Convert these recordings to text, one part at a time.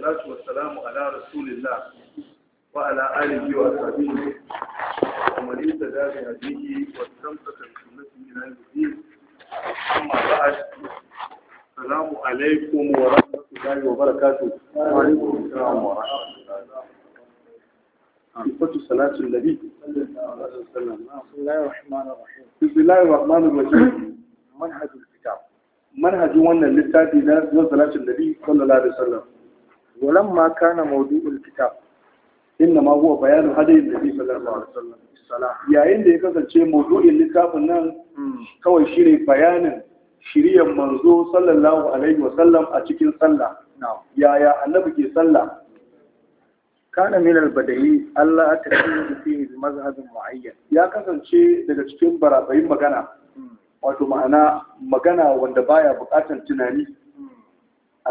salatu wassalamu ala rasulillah wa ala alihi wa sahbihi wa man ittaba bi hadihi wa istamsaka amma ba'd wa rahmatullahi wa barakatuh wa assalam wa rahmatullahi ولما كان موضوع الكتاب انما هو بيان هدي النبي صلى الله عليه وسلم yayin da ya kasance maudu'in littafin nan hmm. kawai shine bayanin منزو صلى sallallahu alaihi وسلم a cikin sallah yaya annabi ke sallah kana min albadai Allah ta kiyar fi mazhabin muayyan ya kasance daga cikin barabayin magana hmm. wato ma'ana magana wanda baya bukatan tunani hmm.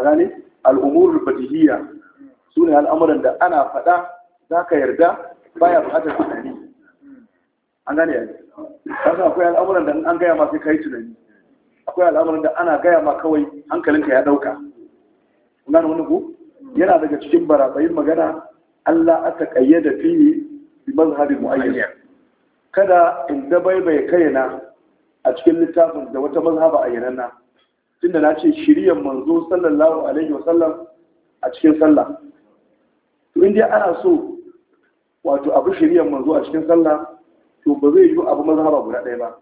a gane al'umurul fatihiyya su ne al'amuran da ana faɗa za ka yarda baya buƙatar tunani an gane yanzu kasan akwai al'amuran da an gaya ma sai ka yi tunani akwai al'amuran da ana gaya ma kawai hankalinka ya ɗauka kun wani ku yana daga cikin barabayin magana Allah aka da fiye bi mazhabi mu'ayyan kada in dabaibaye kaina a cikin littafin da wata mazhaba na. tunda na ce shiriyar manzo sallallahu alaihi wasallam a cikin sallah to in dai ana so wato abu shiriyar manzo a cikin sallah to ba zai yi abu mazhaba guda ɗaya ba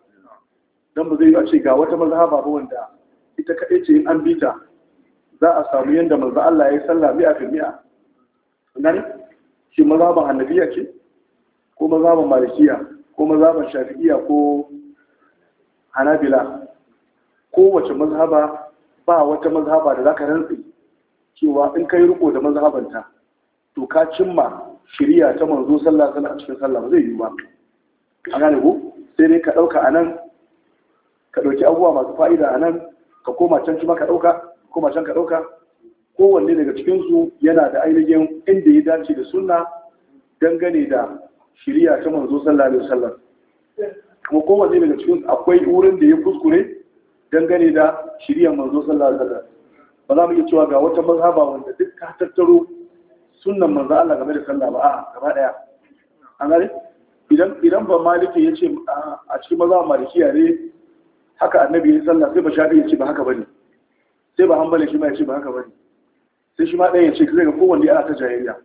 dan ba zai yi a ce ga wata mazhaba ba wanda ita kaɗai ce in an bita za a samu yadda manzo Allah ya yi sallah mi'a fi mi'a nan shi mazhaban hanafiya ce ko mazhaban malikiya ko mazhaban shafi'iya ko hanabila kowace mazhaba ba wata mazhaba da zaka rantsi cewa in kai riko da mazhabanta to ka cimma shiriya ta manzo sallallahu alaihi wasallam cikin sallah ba zai yi ba A gane ko sai dai ka dauka anan ka dauki abubuwa masu fa'ida anan ka koma can kuma ka dauka koma can ka dauka kowanne daga cikin su yana da ainihin inda ya dace da sunna dangane da shiriya ta manzo sallallahu alaihi wasallam kuma kowanne daga cikin akwai wurin da ya kuskure dangane da shirya manzo sallallahu alaihi wasallam ba za mu iya cewa ga wata mazhaba wanda duk ka tattaro sunnan manzo Allah game da sallah ba a'a gaba daya an gane idan idan ba maliki yace a cikin mazhaba malikiya ne haka annabi ya sallah sai ba shafi yace ba haka bane sai ba hanbali shi ma yace ba haka bane sai shi ma ɗaya yace zai ga kowanne ya ta jayayya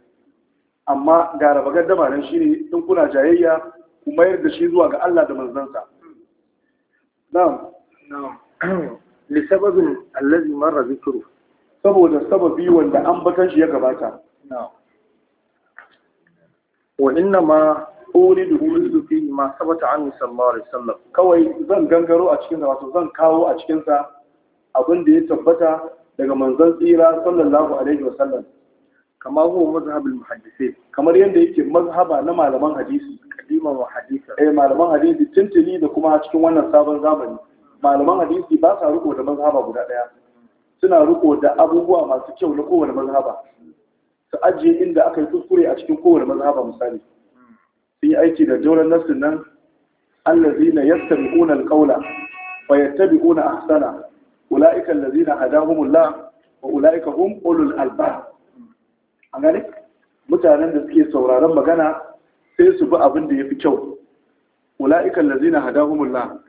amma ga raba gaddama nan shine in kuna jayayya ku mayar da shi zuwa ga Allah da manzansa na'am na'am li sababin allazi marra zikru saboda sababi wanda an batan shi ya gabata wa inna ma uridu uridu fi ma sabata an sallallahu alaihi wasallam kawai zan gangaro a cikin wato zan kawo a cikin sa abin da ya tabbata daga manzon tsira sallallahu alaihi wasallam kama huwa mazhabul muhaddisi kamar yadda yake mazhaba na malaman hadisi kadiman wa hadisa eh malaman hadisi tuntuni da kuma cikin wannan sabon zamani malaman hadisi ba sa riko da mazhaba guda daya suna riko da abubuwa masu kyau na kowane mazhaba su ajiye inda aka yi kuskure a cikin kowane mazhaba misali sun yi aiki da jauran nassin nan allazina yastabi'una alqawla wa yattabi'una ahsana ulaika allazina hadahumullah wa ulaika hum ulul Alba. A gane mutanen da suke sauraron magana sai su bi abin da fi kyau ulaika allazina hadahumullah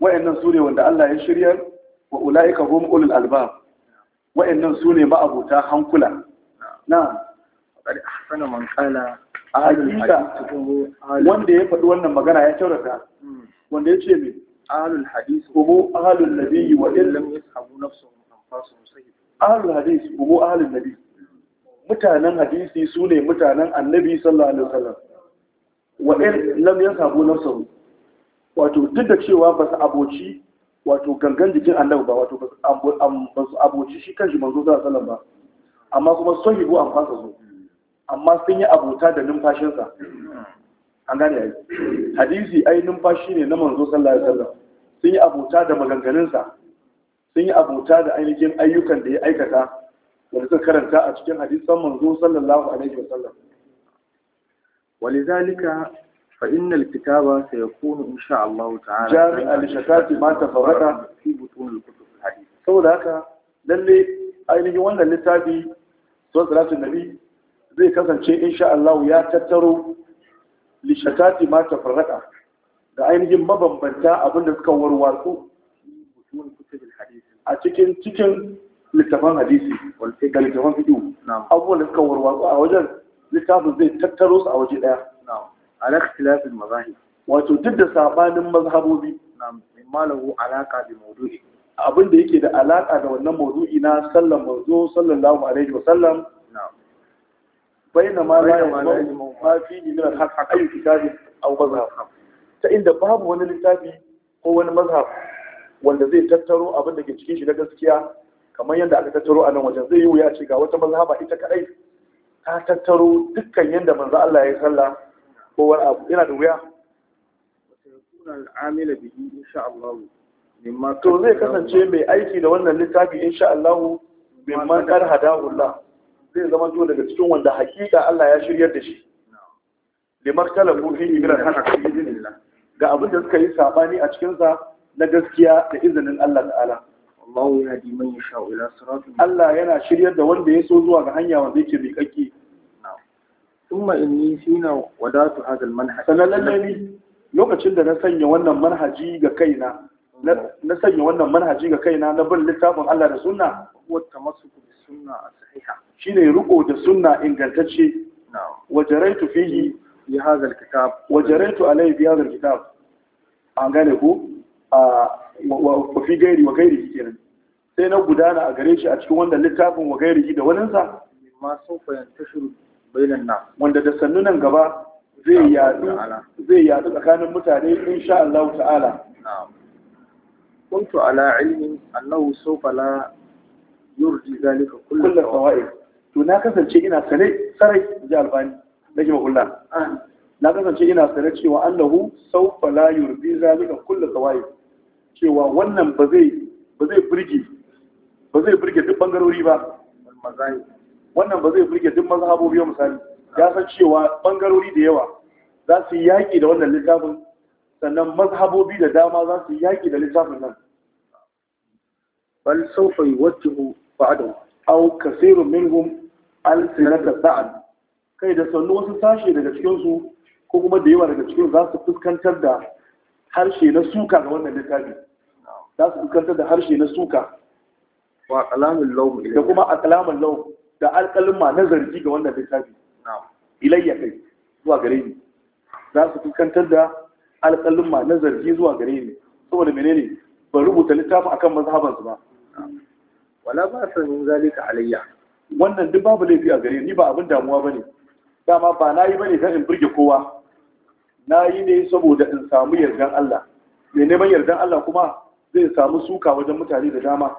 wa'annan su ne wanda Allah ya shirya wa ula'ika hum ulul albab wa'annan su ne ma'abuta hankula na qad ahsana man qala hakika wanda ya faɗi wannan magana ya kyautata hmm. wanda ya ce me ahlul hadith hum ahlul nabiy wa in lam yashabu nafsuhum anfasuhum sayyid ahlul hadith hum ahlul nabiy mutanen hadisi su ne mutanen annabi sallallahu alaihi wasallam wa in lam yashabu nafsuhum wato duk da cewa ba su aboci wato gangan jikin annabi ba wato ba su aboci shi kan shi manzo sallallahu alaihi wasallam ba amma kuma son yiwu an fasa su amma sun yi abota da numfashinsa an gane yayi hadisi ai numfashi ne na manzo sallallahu alaihi wasallam sun yi abota da maganganunsa sun yi abota da ainihin ayyukan da ya aikata wanda suka karanta a cikin hadisan manzo sallallahu alaihi wasallam ولذلك فإن الكتاب سيكون إن شاء الله تعالى جامعا لشتات ما تفرق في بطون الكتب الحديث سوى ذلك للي أين يوانا للتابي سوى ثلاثة النبي zai kasance insha ya tattaro lishatati ma tafarraka da ainihin mabambanta abinda suka warwatsu a cikin cikin littafan hadisi ga littafan fiɗo abubuwan da suka warwatsu a wajen littafin zai tattaro su a waje ɗaya ala ikhtilafil mazahib wato duk da sabanin mazhabobi na malahu alaka bi mawdu'i abin da yake da alaka da wannan mawdu'i na sallan manzo sallallahu alaihi wa sallam bainama la yamanu ma fi min al-haqq ay kitabin aw mazhab ta inda babu wani littafi ko wani mazhab wanda zai tattaro abin da ke cikin shi na gaskiya kamar yadda aka tattaro a nan wajen zai yi wuya ce ga wata mazhaba ita kadai ta tattaro dukkan yadda manzo Allah ya yi sallah ko wani abu yana da wuya to zai kasance mai aiki da wannan littafi insha Allah man kar hadahu Allah zai zama to daga cikin wanda hakika Allah ya shiryar da shi limar talabu fi ibran haka idinillah ga abin da suka yi sabani a cikinsa na gaskiya da izinin Allah ta'ala Allah yana shiryar da wanda ya so zuwa ga hanya wanda yake miƙaƙƙi ثم إني فينا ودعت هذا المنهج سنلنني lokacin da na sanya wannan manhaji ga kaina na sanya wannan manhaji ga kaina na bin littafin Allah da sunna wa tamassuku bi sunna as-sahiha shine riko da sunna ingantacce wa jaraitu fihi bi hadha al-kitab wa jaraitu alayhi bi hadha al-kitab an gane ku wa gairi wa kenan sai na gudana a gare shi a cikin wannan littafin wa gairi da waninsa sun fahimta shiru bainan na wanda da sannu nan gaba zai yadu zai yadu tsakanin mutane insha Allah ta'ala na'am kuntu ala ilmin annahu sawfa la yurdi zalika kullu sawa'i to na kasance ina sane sarai ji albani nake makulla na kasance ina sane cewa annahu sawfa la yurdi zalika kullu sawa'i cewa wannan ba zai ba zai burge ba zai burge duk bangarori ba wannan ba zai burge duk mazhabobi misali ya san cewa bangarori da yawa za su yi yaƙi da wannan littafin sannan mazhabobi da dama za su yi yaƙi da littafin nan bal sawfa yuwajjihu ba'dahu aw kaseerun minhum al-sinata sa'ad kai da sannu wasu sashe daga cikin su ko kuma da yawa daga cikin za su fuskantar da harshe na suka ga wannan littafi za su fuskantar da harshe na suka wa kalamin lawm da kuma a kalamin da alƙalima na zargi ga wannan littafi ilayya kai zuwa gare ni za su fuskantar da alƙalima na zargi zuwa gare ni saboda menene ban rubuta littafin akan mazhabansu ba wala ba sa min zalika alayya wannan duk babu laifi a gare ni ba abin damuwa bane dama ba nayi bane kan in burge kowa nayi ne saboda in samu yardan Allah me neman yardan Allah kuma zai samu suka wajen mutane da dama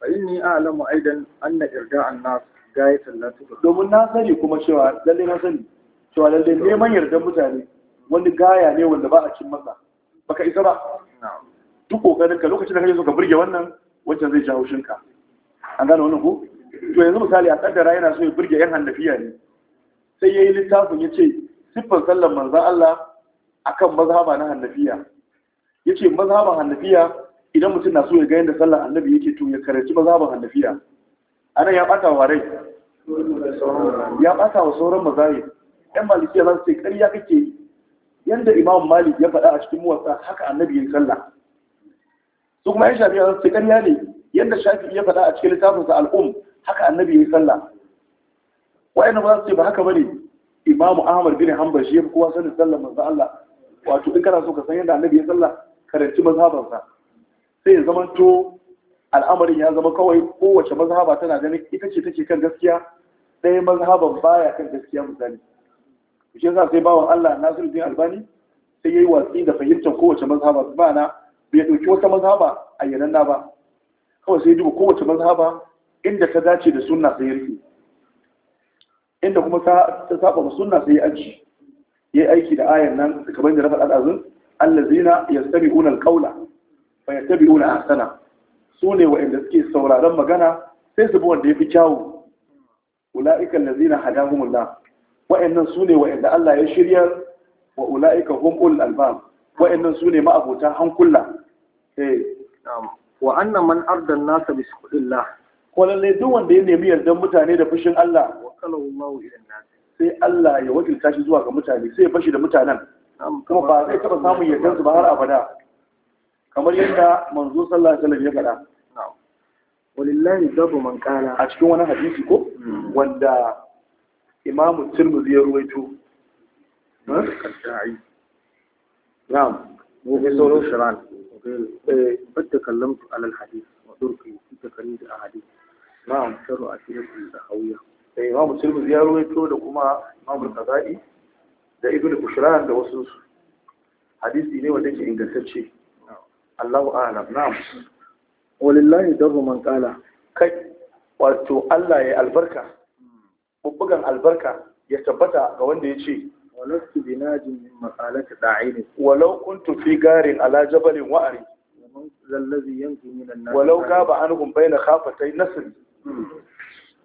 fa inni a'lamu aidan anna irda'an nas gayatan la tudur domin na sani kuma cewa lalle na sani cewa lalle neman yardan mutane wani gaya ne wanda ba a cin masa baka isa ba duk kokarin ka lokacin da kake so ka burge wannan wancan zai jawo shinka an gane wannan ko to yanzu misali a kaddara yana so ya burge yan hannafiya ne sai yayi littafin ya ce siffar sallar manzan Allah akan mazhaba na hannafiya yace mazhaban hannafiya idan mutum na so ya ga yadda sallar annabi yake to ya karanci mazhabin hanafiya anan ya bata wa rai ya bata wa sauran mazahib yan malikiya za su ce ƙarya kake yadda yanda imam malik ya faɗa a cikin muwasa, haka annabi yin sallah su kuma yan shafi'a za su ƙarya ne yanda shafi ya faɗa a cikin littafinsa al'um haka annabi yin sallah wa'annan ba su ce ba haka bane imam ahmad bin hanbal shi ya fi kowa sanin sallar manzo Allah wato in kana so ka san yadda annabi ya sallah karanci mazhabansa sai ya zamanto al'amarin ya zama kawai kowace mazhaba tana ganin ita ce take kan gaskiya ɗaya mazhaban baya kan gaskiya misali shi yasa sai bawan Allah Nasiruddin Albani sai yayi watsi da fahimtar kowace mazhaba bana bai dauki wata mazhaba a yananna ba kawai sai duba kowace mazhaba inda ta dace da sunna sai rike inda kuma ta saba ma sunna sai aji yayi aiki da ayan nan kaman da rafa faɗa azun allazina yastami'una alqawla fa yattabi'una ahsana sune wa'anda suke sauraron magana sai su bi wanda fi kyawu ulaika allazina hadahumullah wa'annan wa wa'anda Allah ya shirya wa ulaika hum ul albab wa'annan ne ma'abuta hankula eh na'am wa annan man arda an-nas bi sukhillah duk wanda ya nemi yardan mutane da fushin Allah Allahu nas sai Allah ya wakilta shi zuwa ga mutane sai ya fashi da mutanen kuma ba zai taba samun yardan su ba har abada kamar yadda manzo sallallahu alaihi wasallam ya faɗa walillahi dabu man qala a cikin wani hadisi ko hmm. wanda imam tirmidhi ya ruwaito hmm. na'am mu fi sauran shiran قد تكلمت على الحديث وتركي في تقرير أحاديث نعم شر أسئلة الأخوية إمام مسلم ya ruwaito da kuma Imam al-Qazai da Ibn Bushran da wasu hadisi ne wanda ke ingantacce Allahu a'lam na'am walillahi darru man qala kai wato Allah ya albarka bubbugan albarka ya tabbata ga wanda ya ce walastu binajin min maqalati da'in walau kuntu fi garin ala jabalin wa'ari lallazi yanzu min an-nar walau gaba anhum bayna khafatay nasr hmm.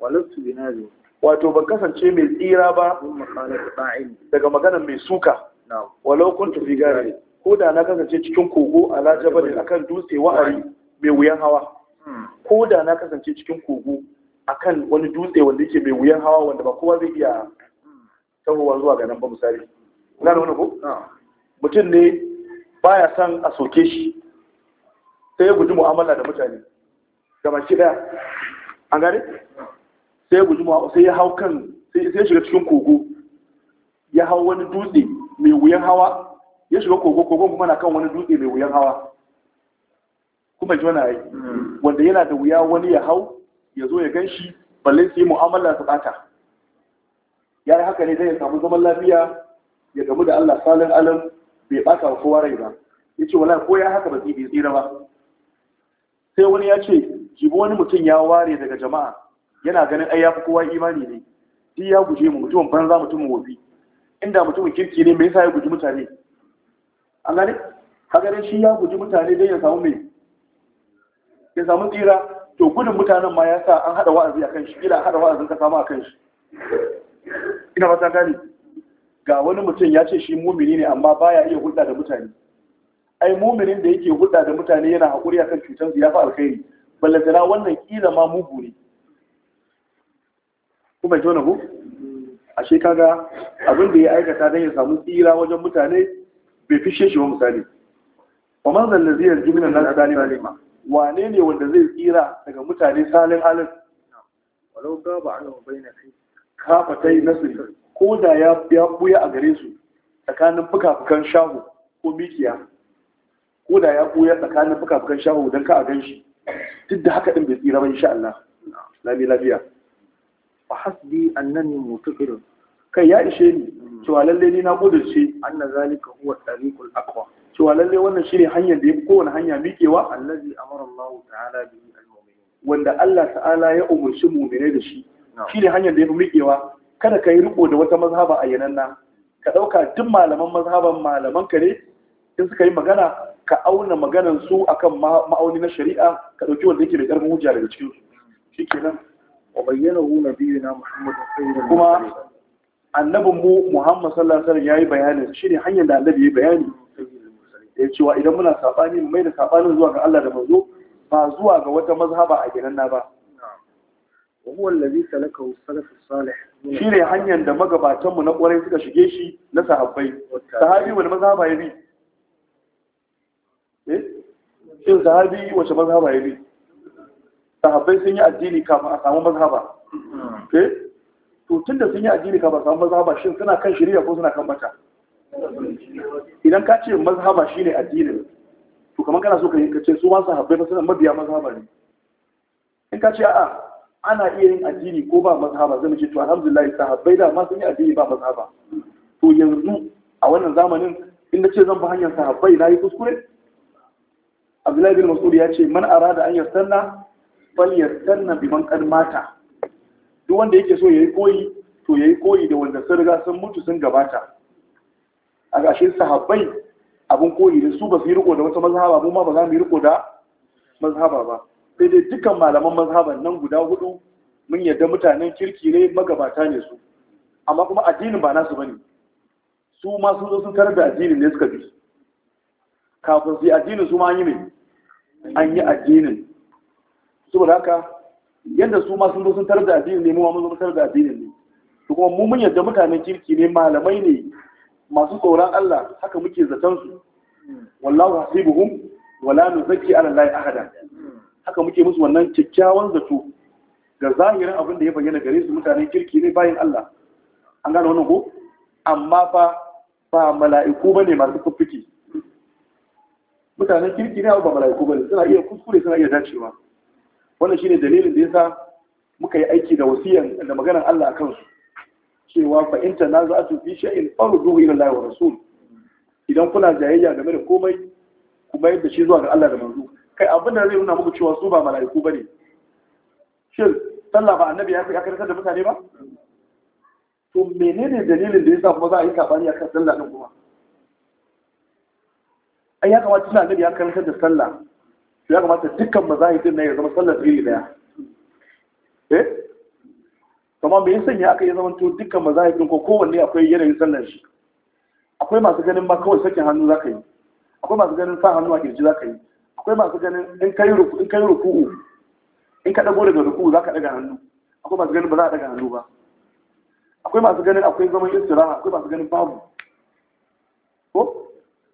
walastu binajin wato ban kasance mai tsira ba daga maganar mai suka walau kuntu fi garin ko da na kasance cikin kogo a lajabalin akan dutse wa'ari mai wuyan hawa hmm. ko da na kasance cikin kogo akan wani dutse wanda yake mai wuyan hawa wanda ba kowa zai iya tahowa zuwa ga nan ba misali da wani ko ah. mutum ne baya son a soke shi sai ya guji mu'amala da mutane ga baki daya an gane sai ya guji mu'amala sai ya hau kan sai ya shiga cikin kogo ya hau wani dutse mai wuyan hawa ya shiga kogo kogon kuma na kan wani dutse mai wuyan hawa kuma ji wani wanda yana da wuya wani ya hau ya zo ya gan shi balle su mu'amala su bata ya yi haka ne zai ya samu zaman lafiya ya gamu da Allah salin alam bai bata wa kowa rai ba ya ce wala ko ya haka ba zai tsira ba sai wani ya ce jibi wani mutum ya ware daga jama'a yana ganin ai ya fi kowa imani ne shi ya guje mu mutumin banza mutumin wofi inda mutumin kirki ne mai yasa ya guji mutane an gane hagarin shi ya guji mutane don ya samu mai ya samu tsira to gudun mutanen ma ya sa an haɗa wa'azi a kan shi ila haɗa wa'azin ka samu a kan shi ina ba ta gani. ga wani mutum ya ce shi mumini ne amma baya iya hulɗa da mutane ai muminin da yake hulɗa da mutane yana haƙuri akan cutar su ya fi alkhairi ballantana wannan kila ma mugu ne kuma jona ku ashe kaga abin da ya aikata don ya samu tsira wajen mutane bai fishe shi ba misali wa man zalla zai yarji minan nan salin alima wane ne wanda zai tsira daga mutane salin halin? walau ga ba ana na kai kafa tai nasiri ko da ya buya a gare su tsakanin fuka-fukan shahu ko mikiya ko da ya buya tsakanin fuka-fukan shahu don ka a gan shi duk da haka din bai tsira ba insha Allah lami lafiya fa hasbi annani mutaqirin kai ya ishe ni cewa lalle ni na kudurce anna zalika huwa tariqul aqwa cewa lalle wannan shine hanyar da yafi kowane hanya miƙewa allazi amara Allah ta'ala bihi al-mu'minin wanda Allah ta'ala ya umurci mu'minai da shi shine hanyar da yafi miƙewa kada ka yi riko da wata mazhaba a yananna ka dauka duk malaman mazhaban malaman ka ne in suka yi magana ka auna maganan su akan ma'auni na shari'a ka dauki wanda yake da karfin hujja daga cikin su shikenan wa bayyana hu nabiyina muhammadin kuma annabin mu Muhammad sallallahu alaihi wasallam yayi bayani ne hanyar da annabi yayi bayani ya cewa idan muna sabani mu mai da sabanin zuwa ga Allah da manzo ba zuwa ga wata mazhaba a gidan na ba وهو الذي salaf salih shi ne hanyar da magabatan mu na ƙwarai suka shige shi na sahabbai sahabi wani mazhaba yabi eh shin sahabi wace mazhaba yabi sahabbai sun yi addini kafin a samu mazhaba hmm. eh to tun da sun yi addini ka ba samu mazhaba shin suna kan shari'a ko suna kan bata idan ka ce mazhaba shine addinin to kamar kana so ka yi kace su ma sahabbai ba suna mabiya mazhaba ne in ka ce a'a ana iya yin addini ko ba mazhaba zan ce to alhamdulillah sahabbai da ma sun yi addini ba mazhaba to yanzu a wannan zamanin in na ce zan bi hanyar sahabbai na yi kuskure abdullahi bin mas'ud ya ce man arada an yastanna fal yastanna biman qad mata duk wanda yake so ya yi koyi to ya yi koyi da wanda sun riga sun mutu sun gabata a gashin sahabbai abin koyi da su ba su yi riko da wata mazhaba mu ma ba za mu yi riko da mazhaba ba sai dai dukkan malaman mazhaban nan guda hudu mun yadda mutanen kirki ne magabata ne su amma kuma addinin ba nasu bane su ma sun zo sun tarar da addinin ne suka bi kafin su yi addinin su ma yi ne an yi addinin saboda haka yadda su ma sun zo sun tarar da addini ne mu ma mun zo tarar da addini ne to kuma mu mun yadda mutanen kirki ne malamai ne masu tsoron Allah haka muke zaton su wallahu hasibuhum wala zaki ala allahi ahada haka muke musu wannan kyakkyawan zato ga zahirin abin da ya bayyana gare su mutanen kirki ne bayan Allah an gane wannan ko amma fa ba mala'iku bane masu kuffiki mutanen kirki ne ba mala'iku bane suna iya kuskure suna iya dacewa wannan shine dalilin da yasa muka yi aiki da wasiyan da maganar Allah akan su cewa fa in tanaza'tu fi shay'in farduhu ila Allah wa rasul idan kuna jayayya game da komai ku bayar da shi zuwa ga Allah da manzo kai abin da zai nuna muku cewa su ba mala'iku bane shin sallah ba annabi ya fi karkar da mutane ba to menene dalilin da yasa kuma za a yi kafani akan sallah din kuma ai ya kamata tana ya karkar da sallah ya kamata dukkan mazahidin na ya zama sallar iri daya eh kamar me yasan ya aka yi zama to dukkan mazahidin ko kowanne akwai yanayin sallar shi akwai masu ganin ba kawai sakin hannu zaka yi akwai masu ganin sa hannu a kirji zaka yi akwai masu ganin in kai ruku in kai ruku'u in ka dago daga ruku'u zaka daga hannu akwai masu ganin ba za a daga hannu ba akwai masu ganin akwai zaman istiraha akwai masu ganin babu ko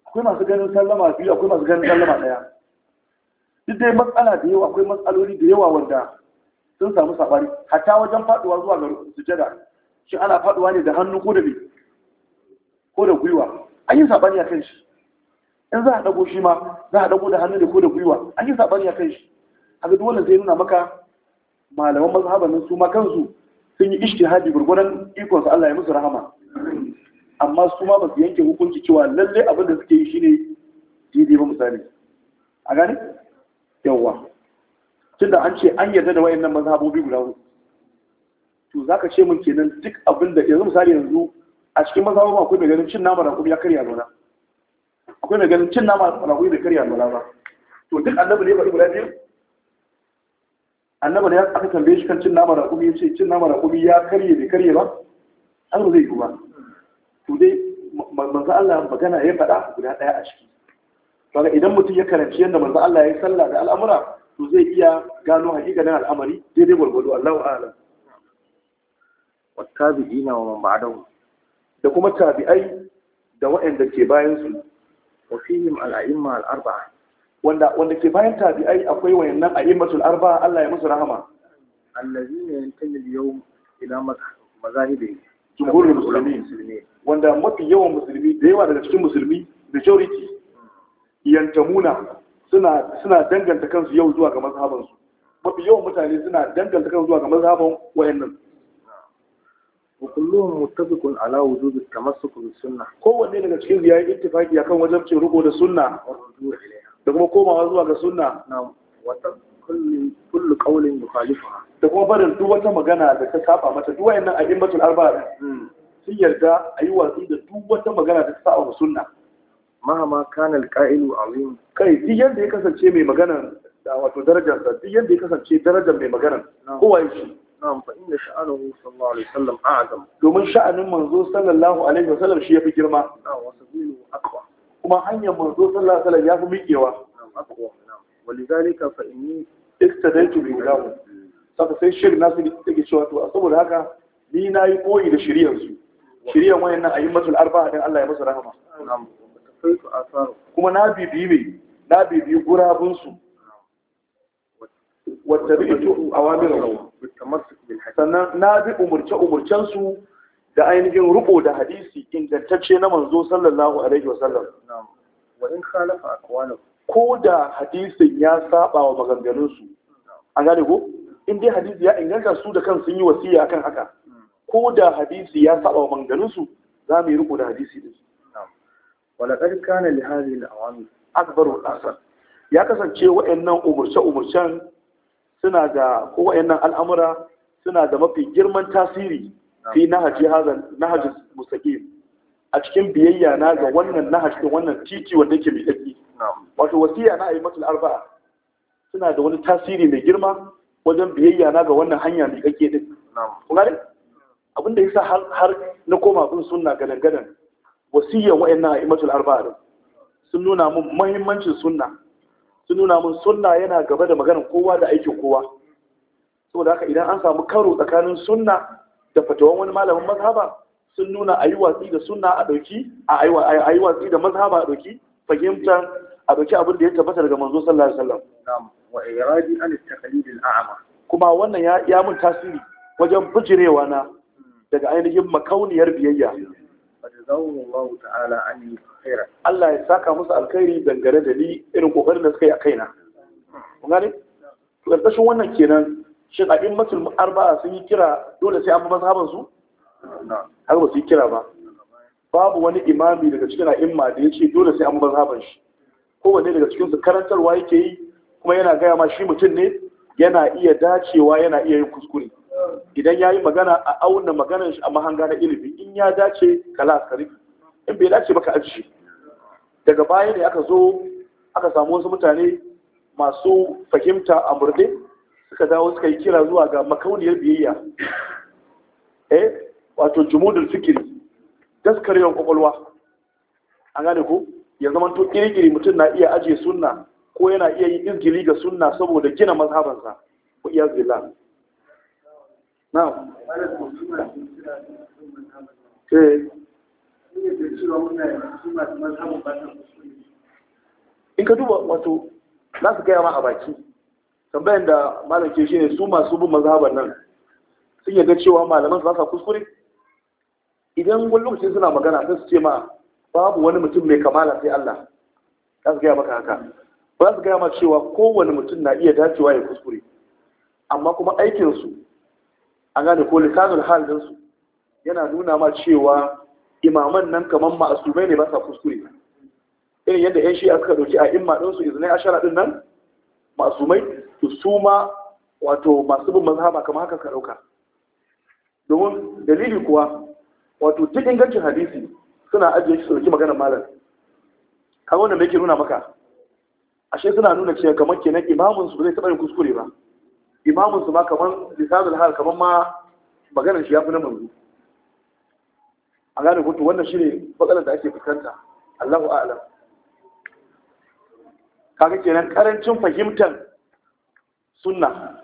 akwai masu ganin sallama biyu akwai masu ganin sallama daya duk dai matsala da yawa akwai matsaloli da yawa wanda sun samu sabari hatta wajen faduwa zuwa ga sujada shi ana faduwa ne da hannu ko da bi ko da gwiwa an yi sabari a kan shi in za a dago shi ma za a dago da hannu da ko da gwiwa an yi sabari a kan shi A duk wannan zai nuna maka malaman mazhabanin su ma kansu sun yi ijtihadi gurgurdan ikon su Allah ya musu rahama amma su ma ba su yanke hukunci cewa lalle abin da suke yi shine daidai ba misali a gane yawwa tunda an ce an yarda da wayannan mazhabobi guda hudu to zaka ce mun kenan duk abin da yanzu misali yanzu a cikin mazhabobi akwai mai ganin cin nama da kuma ya karya nuna akwai mai ganin cin nama da kuma ya karya nuna ba to duk annabi ne ba ibra biyu annabi ne aka tambaye shi kan cin nama da kuma yace cin nama da kuma ya karye bai karye ba an zai yi ba to dai manzo Allah magana ya faɗa guda ɗaya a ciki kaga idan mutum ya karanci yadda manzo Allah ya yi sallah da al'amura to zai iya gano hakikanin al'amari daidai gwargwado Allahu a'ala wa tabi'ina wa man ba'dahu da kuma tabi'ai da waɗanda ke bayan su wa fihim al-a'imma al-arba'a wanda wanda ke bayan tabi'ai akwai wayannan a'immatul arba'a Allah ya musu rahama allazina yantami yawm ila mazahibi jumhurul muslimin wanda mafi yawan musulmi da yawa daga cikin musulmi majority yantamuna suna suna danganta kansu yau zuwa ga mazhabansu su mafi yawan mutane suna danganta kansu zuwa ga mazhaban wayannan kullum kulluhum ala wujudi kamar tamassuk bis sunnah kowanne daga cikin ya yi ittifaki akan wajen cin rubo da sunna da kuma komawa zuwa ga sunna wata wa kullu qawlin yukhalifuha da kuma barin duk wata magana da ta saba mata duk wayannan a'immatul arba'a hmm. sun yarda ayi watsi da duk wata magana da ta saba sunna mahama kanal alqa'ilu azim kai duk yadda ya kasance mai magana da wato darajar sa duk yadda ya kasance darajar mai magana kowa ya shi na'am fa inna sha'anahu sallallahu alaihi wasallam a'zam domin sha'anin manzo sallallahu alaihi wasallam shi yafi girma na'am wa sabilu aqwa kuma hanyar manzo sallallahu alaihi wasallam yafi miƙewa na'am aqwa na'am walidhalika fa inni iktadaitu bi hudahu saka sai shir nasu take cewa to saboda haka ni nayi koyi da shiriyar su shiriyar wayannan ayyumatul arba'a dan Allah ya masa rahama na'am wattaitu asaru kuma na bibiyi mai na bibiyi gurabinsu wata wattabi'tu awamiru bitamassuk bil sannan na bi umarce-umarcensu da ainihin rubo da hadisi ingantacce na manzo sallallahu alaihi wasallam wa in khalafa aqwalahu ko da hadisin ya saba wa maganganunsu, a gane ko in dai hadisi ya inganta su da kan sun yi wasiya kan haka hmm. ko da hadisi ya saba wa maganganunsu za mu yi rubo da hadisi din su walaƙar kana li hadhihi al-awamir akbar al-asar ya kasance wayannan umurce umurcen suna da ko wayannan al'amura suna da mafi girman tasiri fi nahaji hadha nahaji mustaqim a cikin biyayya na ga wannan nahaji wannan titi wanda yake mai wato wasiya na aimatul arba'a suna da wani tasiri mai girma wajen biyayya na ga wannan hanya mai kake din kun abin da yasa har na koma bin sunna gadan gadan wasiyyar wa'annan imatul arba'a sun nuna mun mahimmancin sunna sun nuna mun sunna yana gaba da maganar kowa da aikin kowa saboda haka idan an samu karo tsakanin sunna da fatawan wani malamin mazhaba sun nuna a yi watsi da sunna a ɗauki a yi watsi da mazhaba a ɗauki fahimtar a ɗauki abin da ya tabbata daga manzo sallallahu alaihi wasallam wa iradi an a'ma kuma wannan ya mun tasiri wajen bijirewa na daga ainihin makauniyar biyayya Allah ya saka musu alkhairi dangane da ni irin kokarin da suka yi a kaina kun gane karkashin wannan kenan shin a in matul arba'a sun yi kira dole sai an mazhaban su har ba su yi kira ba babu wani imami daga cikin a'imma da ya ce dole sai an mazhaban shi kowanne daga cikin su karantarwa yake yi kuma yana gaya ma shi mutum ne yana iya dacewa yana iya yin kuskure idan ya yi magana a auna maganar shi a mahanga na ilimi in ya dace kala sarif in bai dace baka aji daga baya ne aka zo aka samu wasu mutane masu fahimta a murde suka dawo suka yi kira zuwa ga makauniyar biyayya eh wato jumudul fikiri daskarewar kwakwalwa an gane ku ya zama to kirkiri mutum na iya ajiye sunna ko yana iya yin izgili ga sunna saboda gina mazhabansa ku iya zila na'am eh. in ka duba wato za su gaya ma a baki tambayan da malam ke shi ne su masu bin mazhaban nan sun yarda cewa malaman su sa kuskure idan wani lokacin suna magana sai su ce ma babu wani mutum mai kamala sai Allah za su gaya maka haka ba za su gaya ma cewa kowane mutum na iya dacewa ya kuskure amma kuma aikinsu an gane ko lisanul hal din su yana nuna ma cewa imaman nan kaman ma'asumai ne ba sa kuskure irin yadda yan shi'a suka dauki a imma din su izinai ashara din nan ma'asumai to su ma wato masu bin mazhaba kamar haka ka dauka domin dalili kuwa wato duk ingancin hadisi suna ajiye shi su dauki maganar malam kamar wanda mai ke nuna maka ashe suna nuna cewa kamar kenan imamun su ba zai taɓa yin kuskure ba imamunsu ma kamar lisanul hal kamar ma maganar shi ya fi na manzo a gane kuntu wannan shine matsalar da ake fuskanta Allahu a'lam kaga kenan karancin fahimtar sunna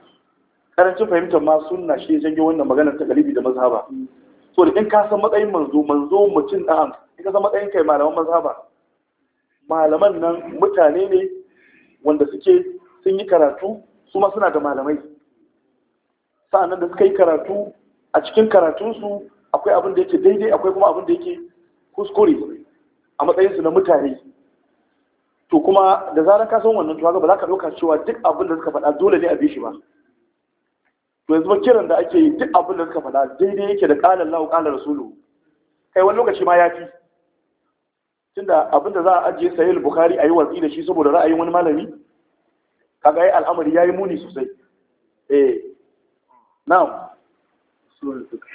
karancin fahimtar ma sunna shi ya janyo wannan maganar ta galibi da mazhaba so da in ka san matsayin manzo manzo mutum ɗan in ka san matsayin kai malaman mazhaba malaman nan mutane ne wanda suke sun yi karatu su ma suna da malamai sa'annan da suka yi karatu a cikin karatunsu akwai abin da yake daidai akwai kuma abin da yake kuskure a matsayinsu na mutane to kuma da zarar ka san wannan to ba za ka ɗauka cewa duk abin da suka faɗa dole ne a bishi shi ba to yanzu kiran da ake yi duk abin da suka faɗa daidai yake da ƙalar lahu ƙalar rasulu kai wani lokaci ma ya fi tunda abin da za a ajiye sahih bukhari a yi watsi da shi saboda ra'ayin wani malami kaga yi al'amari yi muni sosai eh na'am usulul fiqh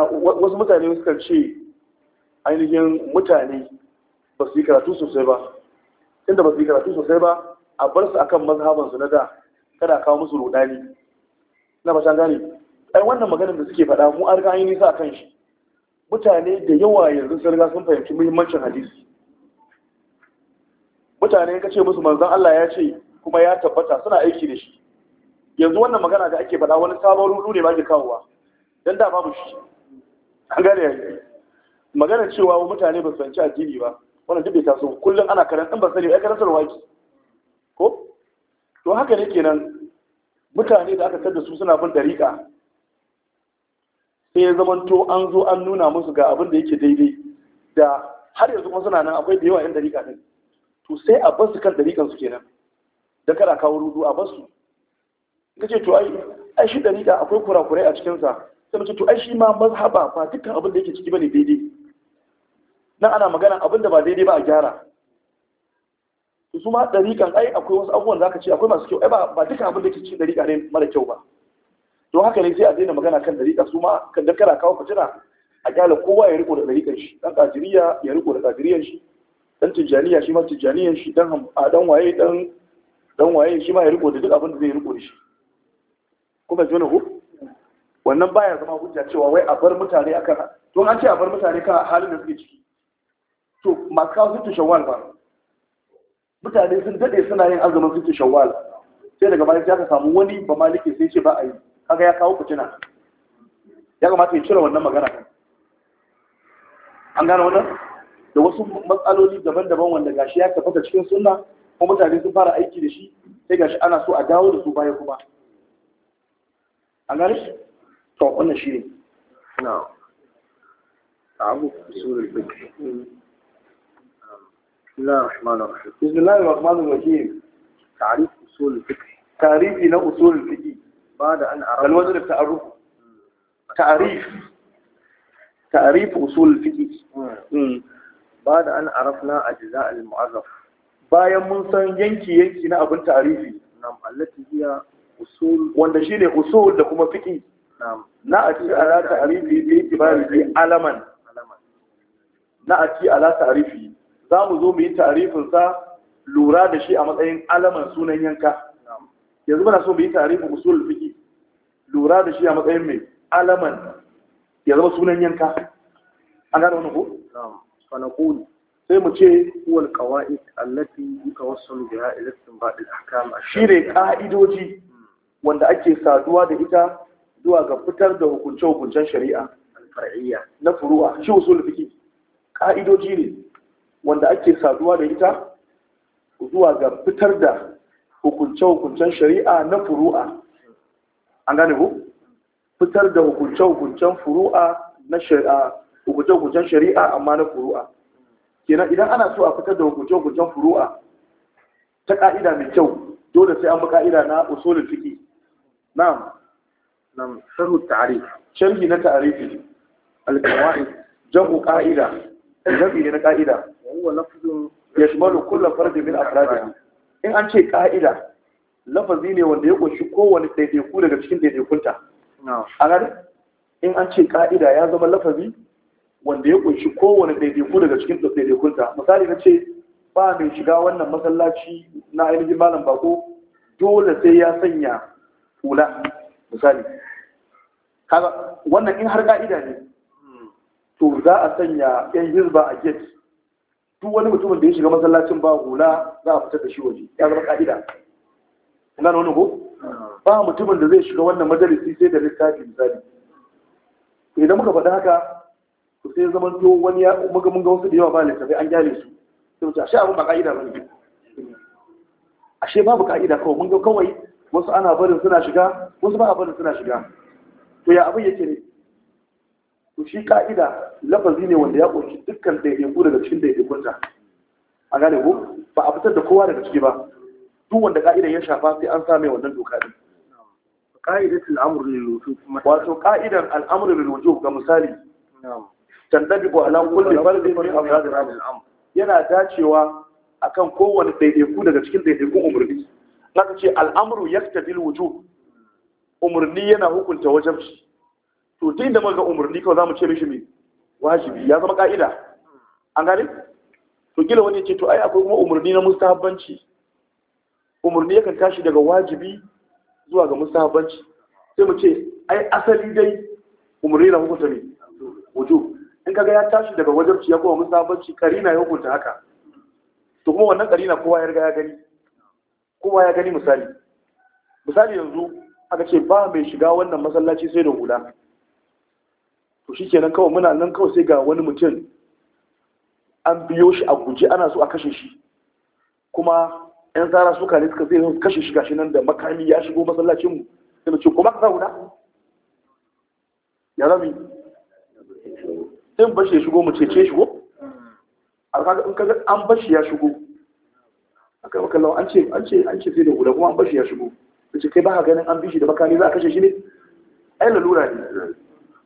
na wasu mutane suka ce ainihin mutane ba su yi karatu sosai ba inda ba su yi karatu sosai ba a bar su akan mazhabansu na da kada kawo musu rudani na ba gane ai wannan maganar da suke faɗa mu an an yi akan shi mutane da yawa yanzu sun riga sun fahimci muhimmancin hadisi mutane ka ce musu manzon Allah ya ce kuma ya tabbata suna aiki da shi yanzu wannan magana da ake faɗa wani sabon rudu ne ba ke kawowa dan da babu shi an gane yanzu magana cewa mutane ba su fahimci addini ba wannan duk bai taso kullum ana karanta in ba sani ai karantar waki ko to haka ne kenan mutane da aka tada su suna bin dariƙa sai ya zamanto an zo an nuna musu ga abin da yake daidai da har yanzu kuma suna nan akwai da yawa yan dariƙa ɗin to sai a basu kan dariƙan su kenan da kada kawo rudu a basu ka ce to ai ai shi dariƙa akwai kurakurai a cikinsa sai mace to ai shi ma mazhaba ba dukkan abin da yake ciki bane daidai nan ana magana abin da ba daidai ba a gyara su ma ɗariƙan ai akwai wasu abubuwan za ka ce akwai masu kyau ai ba duka abin da ke cin ɗariƙa ne mara kyau ba don haka ne sai a daina magana kan ɗariƙa su ma kan da kara kawo fitina a gyara kowa ya riko da ɗariƙan shi ɗan ƙajiriya ya riko da ƙajiriyan shi ɗan tijjaniya shi ma tijjaniyan shi ɗan waye ɗan waye shi ma ya riko da duk abin da zai riko da shi kuma ji wani hu wannan baya zama hujja cewa wai a bar mutane akan to an ce a bar mutane kan halin da suke ciki to masu kawo sittin shawwal ba mutane sun daɗe suna yin azumin sittin shawwal sai daga bayan ya ka samu wani ba maliki sai ce ba a yi kaga ya kawo fitina ya kamata ya cire wannan magana an gane wannan da wasu matsaloli daban-daban wanda gashi ya tabbata cikin sunna kuma mutane sun fara aiki da shi sai gashi ana so a dawo da su baya kuma an gane shi to wannan shi ne na abu usulul fiqh بسم الله الرحمن الرحيم بسم الله الرحمن الرحيم تعريف أصول الفقه تعريف إلى أصول الفقه بعد أن عرفت الوزن التعرف تعريف تعريف أصول الفقه بعد أن عرفنا أجزاء المعرف bayan mun san yanki yanki na abin tarifi nam allati hiya usul wanda shine usul da kuma fiqi nam na ati ala ta'rifi bi itibari bi alaman na ati ala ta'rifi za mu zo mu yi tarifinsa lura da shi a matsayin alaman sunan yanka yanzu muna so mu yi tarifin usul fiki lura da shi a matsayin mai alaman ya zama sunan yanka an gada wani ko fanaqul sai mu ce wal qawaid allati yatawassalu ilistin ila istinbat kama. Shi ne ka'idoji wanda ake saduwa da ita zuwa ga fitar da hukunce hukuncen shari'a na furuwa. shi usul fiki ka'idoji ne wanda ake saduwa da ita zuwa ga fitar da hukunce-hukuncen shari'a na furu'a an gane ku fitar da hukunce-hukuncen furu'a na shari'a hukunce-hukuncen shari'a amma na furu'a kenan idan ana so a fitar da hukunce-hukuncen furu'a ta ka'ida mai kyau dole sai an bi ka'ida na usulul fiqi na'am nam sharhu ta'rif sharhi na ta'rifi al-qawaid jamu qa'ida jamu ne na ƙa'ida. huwa lafzun yashmalu kullu fardin min afradiha in an ce ka'ida lafazi ne wanda ya kunshi kowane daidaiku daga cikin daidaikunta a gani in an ce ka'ida ya zama lafazi wanda ya kunshi kowanne daidaiku daga cikin daidaikunta misali na ce ba mai shiga wannan masallaci na ainihin malam bako dole sai ya sanya hula misali kaga wannan in har ka'ida ne to za a sanya yan hizba a gate duk wani mutumin da ya shiga masallacin ba hula za a fitar da shi waje ya zama ka'ida kun gane wani ko ba mutumin da zai shiga wannan majalisi sai da littafi misali idan muka faɗi haka to sai zaman to wani ya muka mun ga wasu da yawa ba littafi an gyale su sai mutum ashe abin ba ka'ida ba ne ashe babu ka'ida kawai mun ga kawai wasu ana barin suna shiga wasu ba a barin suna shiga to ya abin yake ne to shi ka'ida lafazi ne wanda ya ƙunshi dukkan ɗaiɗaiku daga cikin ɗaiɗaikunta a gane ku ba a fitar da kowa daga ciki ba duk wanda ka'idan ya shafa sai an same wannan doka ɗin ka'idatul amr lil wujub wato ka'idan al'amr lil wujub ga misali tandabi ko ala kulli fardin min yana dacewa akan kowane ɗaiɗaiku daga cikin ɗaiɗaikun umarni zaka ce al'amru yaktabil wujub umarni yana hukunta shi. to duk inda muka umarni kawai za mu ce mishi mai wajibi ya zama ka'ida an gane to gila wani ce to ai akwai kuma umarni na mustahabbanci umarni yakan tashi daga wajibi zuwa ga mustahabbanci sai mu ce ai asali dai umarni na hukunta ne wujo in kaga ya tashi daga wajibci ya koma mustahabbanci karina ya hukunta haka to kuma wannan karina kowa ya riga ya gani kowa ya gani misali misali yanzu aka ce ba mai shiga wannan masallaci sai da hula to shi kenan kawai muna nan kawai sai ga wani mutum an biyo shi a guji ana so a kashe shi kuma yan tsara suka ne suka zai su kashe shi gashi nan da makami ya shigo masallacin mu sai mu ce kuma ka zauna ya rami sai bashi ya shigo mu cece shi ko alkaga in kaga an bashi ya shigo A maka lawa an ce an ce an ce sai da guda kuma an bashi ya shigo sai kai ba ka ganin an bishi da makami za a kashe shi ne ai lalura ne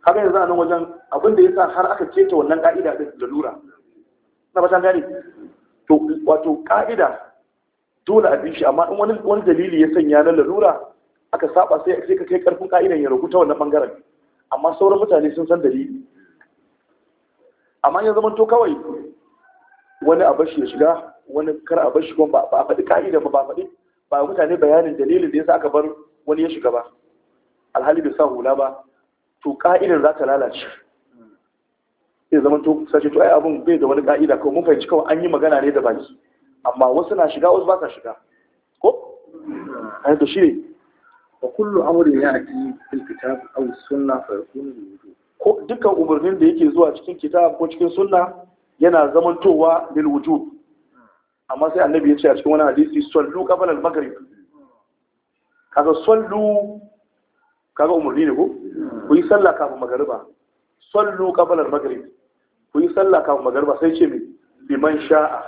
Haka yanzu a nan wajen abin da yasa har aka keta wannan ka'ida da lalura na batan gane to wato ka'ida dole a bishi amma in wani wani dalili ya sanya na lalura aka saba sai sai ka kai karfin ka'idan ya rubuta wannan bangaren amma sauran mutane sun san dalili amma ya zama to kawai wani a bashi ya shiga wani kar a bashi kuma ba a faɗi ka'ida ba ba faɗi ba mutane bayanin dalilin da yasa aka bar wani ya shiga ba alhali bai sa hula ba to ƙa'idar za ta lalace sai zama to sace to ai abin bai da wani ƙa'ida kawai mun fahimci kawai an yi magana ne da baki amma wasu na shiga wasu ba sa shiga ko ai to ne wa kullu amrin ya'ti fil kitab aw sunna fa yakunu lil ko dukkan umarnin da yake zuwa cikin kitab ko cikin sunna yana zamantowa lil wujub amma sai annabi ya ce a cikin wani hadisi sallu qabla al maghrib kaga sallu kaga umarni ne ko ku yi sallah kafin magariba sallu qabla al ku yi sallah kafin magariba sai ce me liman sha'a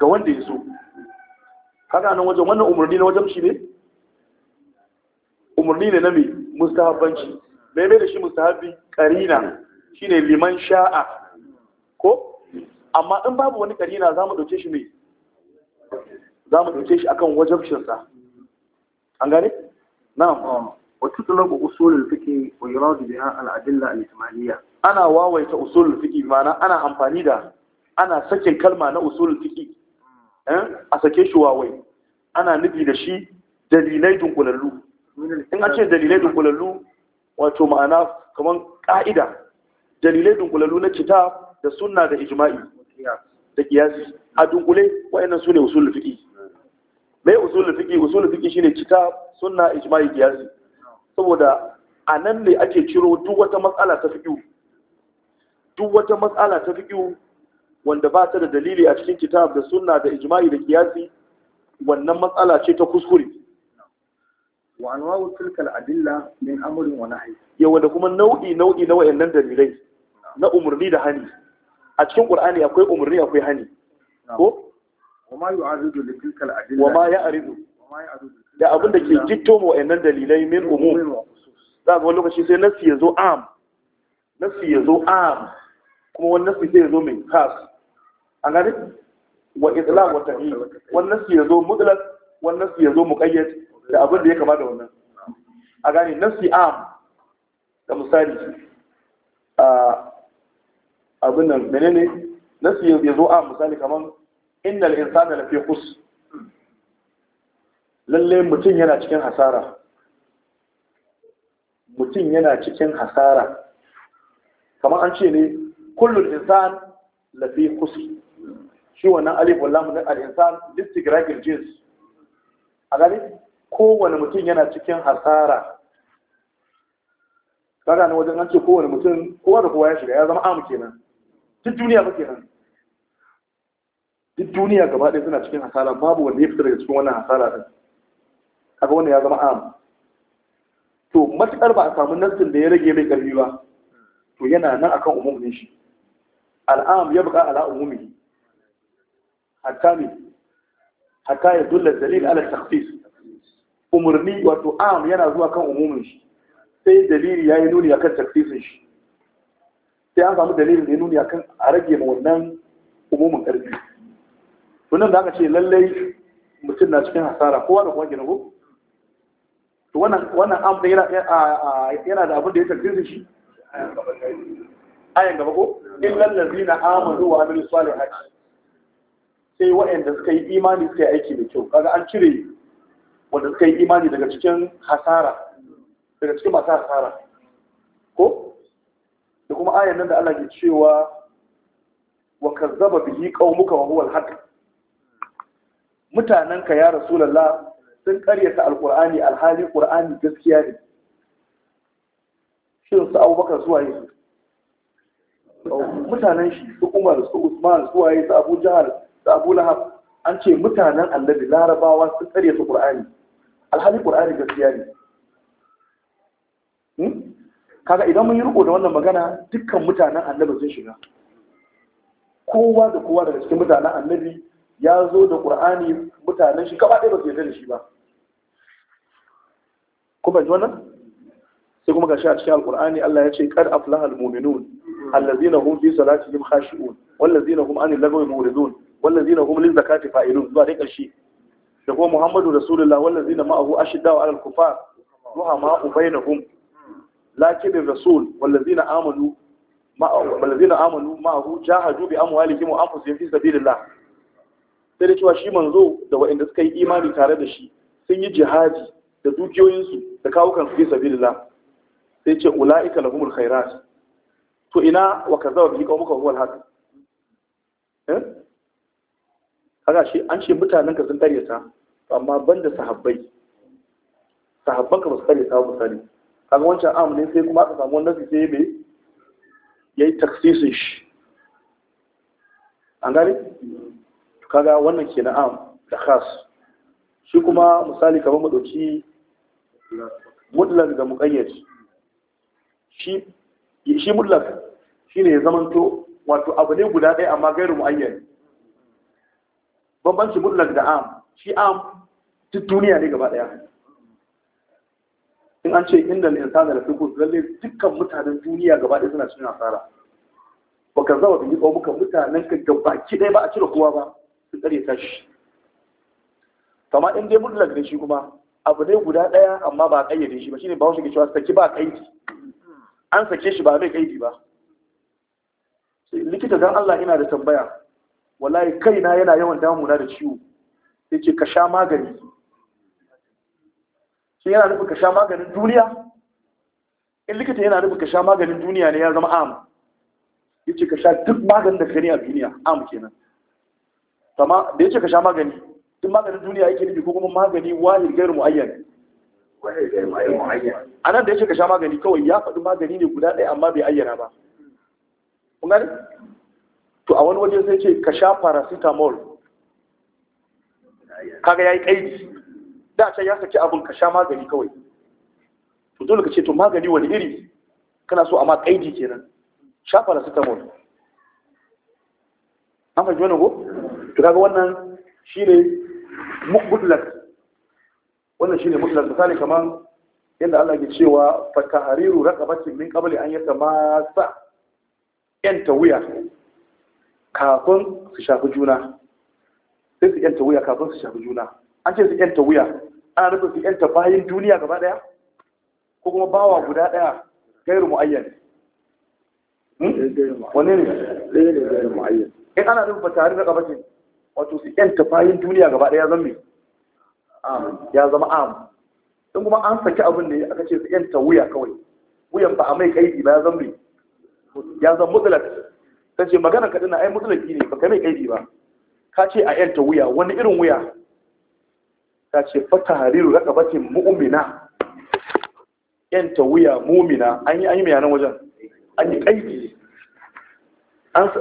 ga wanda ya so kaga nan wajen wannan umarni na wajen shi ne umarni ne na me mustahabbanci mai mai da shi mustahabbi karina shine liman sha'a ko amma in babu wani karina mu dauke shi za mu dauke shi akan wajen shinsa an gane na'am وتطلب أصول الفقه ويراد بها الأدلة الإجمالية أنا واويت أصول الفقه معنى ana أمفاني ده أنا سكن كلمة أنا أصول الفقه أسكيش واوي أنا نبي لشي dalilai dunkulallu in an ce dalilai dunkulallu wato ma'ana kamar ƙa'ida, dalilai dunkulallu na kitab da sunna da ijma'i da kiyasi a dunkule wa'annan su ne usulul fiqi me usulul fiqi usulul fiqi shine kitab sunna ijma'i kiyasi saboda a nan ne ake ciro duk wata matsala ta fi duk wata matsala ta fiƙiyu wanda ba ta da dalili a cikin kitab da sunna da ijma'i da kiyasi wannan matsala ce ta kuskure wa anwa'u tilka al-adilla min amrin wa nahyi yawa da kuma nau'i nau'i na wayannan dalilai na umurni da hani a cikin qur'ani akwai umurni akwai hani ko wa ma yu'aridu li tilka al-adilla wa ma ya'ridu da abin da ke jito mu wa'annan dalilai min umu za ga lokaci sai nassi ya zo am nassi ya zo am kuma wani nassi sai ya zo mai khas an gani wa itlaq wa ta'yid wani nassi ya zo mutlaq wani nassi ya zo muqayyad da abin da ya kama da wannan a gani nassi am da misali a abin nan menene nassi ya zo am misali kaman innal insana lafi khusr lallai mutum yana cikin hasara mutum yana cikin hasara kamar an ce ne kullum insan lafi kusur shi wannan alif wallahu na al-insan listigragil jins a gani kowane mutum yana cikin hasara kaga ne wajen an ce kowane mutum kowa da kowa ya shiga ya zama amu kenan duk duniya ba kenan duk duniya gaba ɗaya suna cikin hasara babu wanda ya fita daga cikin wannan hasara din kaga wannan ya zama am to matukar ba a samu nassin da ya rage mai karfi ba to yana nan akan umumin shi al'am ya buƙa ala umumi hatta ne hatta ya dulla dalil ala takhsis umurni wato am yana zuwa kan umumin shi sai dalili ya yi nuni akan takfisin shi sai an samu dalilin da ya nuni akan a rage ma wannan umumin karfi to nan da aka ce lallai mutum na cikin hasara kowa da kuma gina ko wannan wannan yana da abin da ya tafsir shi ayan gaba ko illal ladina Amadu wa amilus salihati sai waɗanda suka yi imani suka yi aiki da kyau kaga an cire wanda suka yi imani daga cikin hasara daga cikin masu hasara ko da kuma ayan nan da Allah ke cewa wa kazzaba bihi qaumuka wa huwa al-haq ka ya rasulullah sun karyata alkur'ani alhali qur'ani gaskiya ne shin su abubakar zuwa yi mutanen shi su umar su usman su waye su abu jihar su abu lahab an ce mutanen allabi larabawa sun karyata kur'ani alhali qur'ani gaskiya ne hmm? kaga idan mun yi riko da wannan magana dukkan mutanen annabi sun shiga kowa da kowa daga cikin mutanen annabi ya zo da ƙur'ani mutanen shi kaba ɗaya ba su yarda da shi ba ku fahimci wannan sai kuma gashi a cikin alqur'ani Allah ya ce qad aflaha almu'minun allazina hum fi salatihim khashi'un wallazina hum anil lagwi muridun wallazina hum zakati fa'ilun zuwa dai karshe da kuma Muhammadu Rasulullah wallazina ma'ahu ashiddaw 'alal kufar ruhama'u bainahum lakin ar-rasul wallazina amanu والذين آمنوا معه جاهدوا بأموالهم وأنفسهم في سبيل الله sai da cewa shi manzo da waɗanda suka yi imani tare da shi sun yi jihadi da dukiyoyinsu da kawo kansu fi sabilillah sai ce ula'ika lahumul khairat to ina wa kaza bi kawo huwal haq eh kaga shi an ce mutanen ka sun tare ta amma banda sahabbai sahabban ka ba su tare ta misali kaga wancan am ne sai kuma aka samu wannan su sai me yayi taksisin shi an gane kaga wannan kenan am da khas shi kuma misali kamar mu dauki mutlak da muqayyad shi shi mutlak shine ya zamanto wato abu ne guda ɗaya amma gairu muayyan bambanci mutlak da am shi am duk duniya ne gaba ɗaya in an ce inda insana da fikus lalle dukkan mutanen duniya gaba ɗaya suna cikin asara baka zama bi ko muka mutanen ka gaba ki ɗaya ba a cire kowa ba su tsare ta shi kama in dai mutlak ne shi kuma abu ne guda ɗaya amma ba ƙayyade shi ba shine ba shi ke cewa saki ba ƙaidi an sake shi ba mai ƙaidi ba likita don Allah ina da tambaya wallahi kaina yana yawan damuna da ciwo yace ka sha magani shi yana nufin ka sha maganin duniya in likita yana nufin ka sha maganin duniya ne ya zama am yace ka sha duk maganin da ka a duniya am kenan amma da yace ka sha magani duk maganin duniya yake nufi ko kuma magani wahid gairu muayyan a nan da ce ka sha magani kawai ya faɗi magani ne guda ɗaya amma bai ayyana ba kun ne? to a wani waje sai ce ka sha paracetamol kaga ya yi ƙaidi da can ya saki abin ka sha magani kawai to dole ka ce to magani wani iri kana so amma ƙaidi kenan sha paracetamol an fahimci wani ko to kaga wannan shi ne mutlak wannan shine mutlak misali kaman yadda Allah ke cewa fatahariru raqabatin min qabli an yatamassa yanta wuya kafin su shafi juna sai su yanta wuya kafin su shafi juna an ce su yanta wuya ana nufin su yanta bayin duniya gaba daya ko kuma bawa guda daya hmm? gairu muayyan wanne ne in ana nufin fatahariru raqabatin wato su yanta fayin duniya gaba ɗaya zan mai ya zama am in kuma an saki abin da aka ce su yanta wuya kawai wuyan ba a mai kaidi ba ya zan mai ya zan mutsalat ta ce magana ka na ai mutsalaki ne ba ka mai kaidi ba ka ce a yanta wuya wani irin wuya ta ce fata hariru raka batin mu'umina. yanta wuya mu'umina. an yi an yi wajen an yi kaidi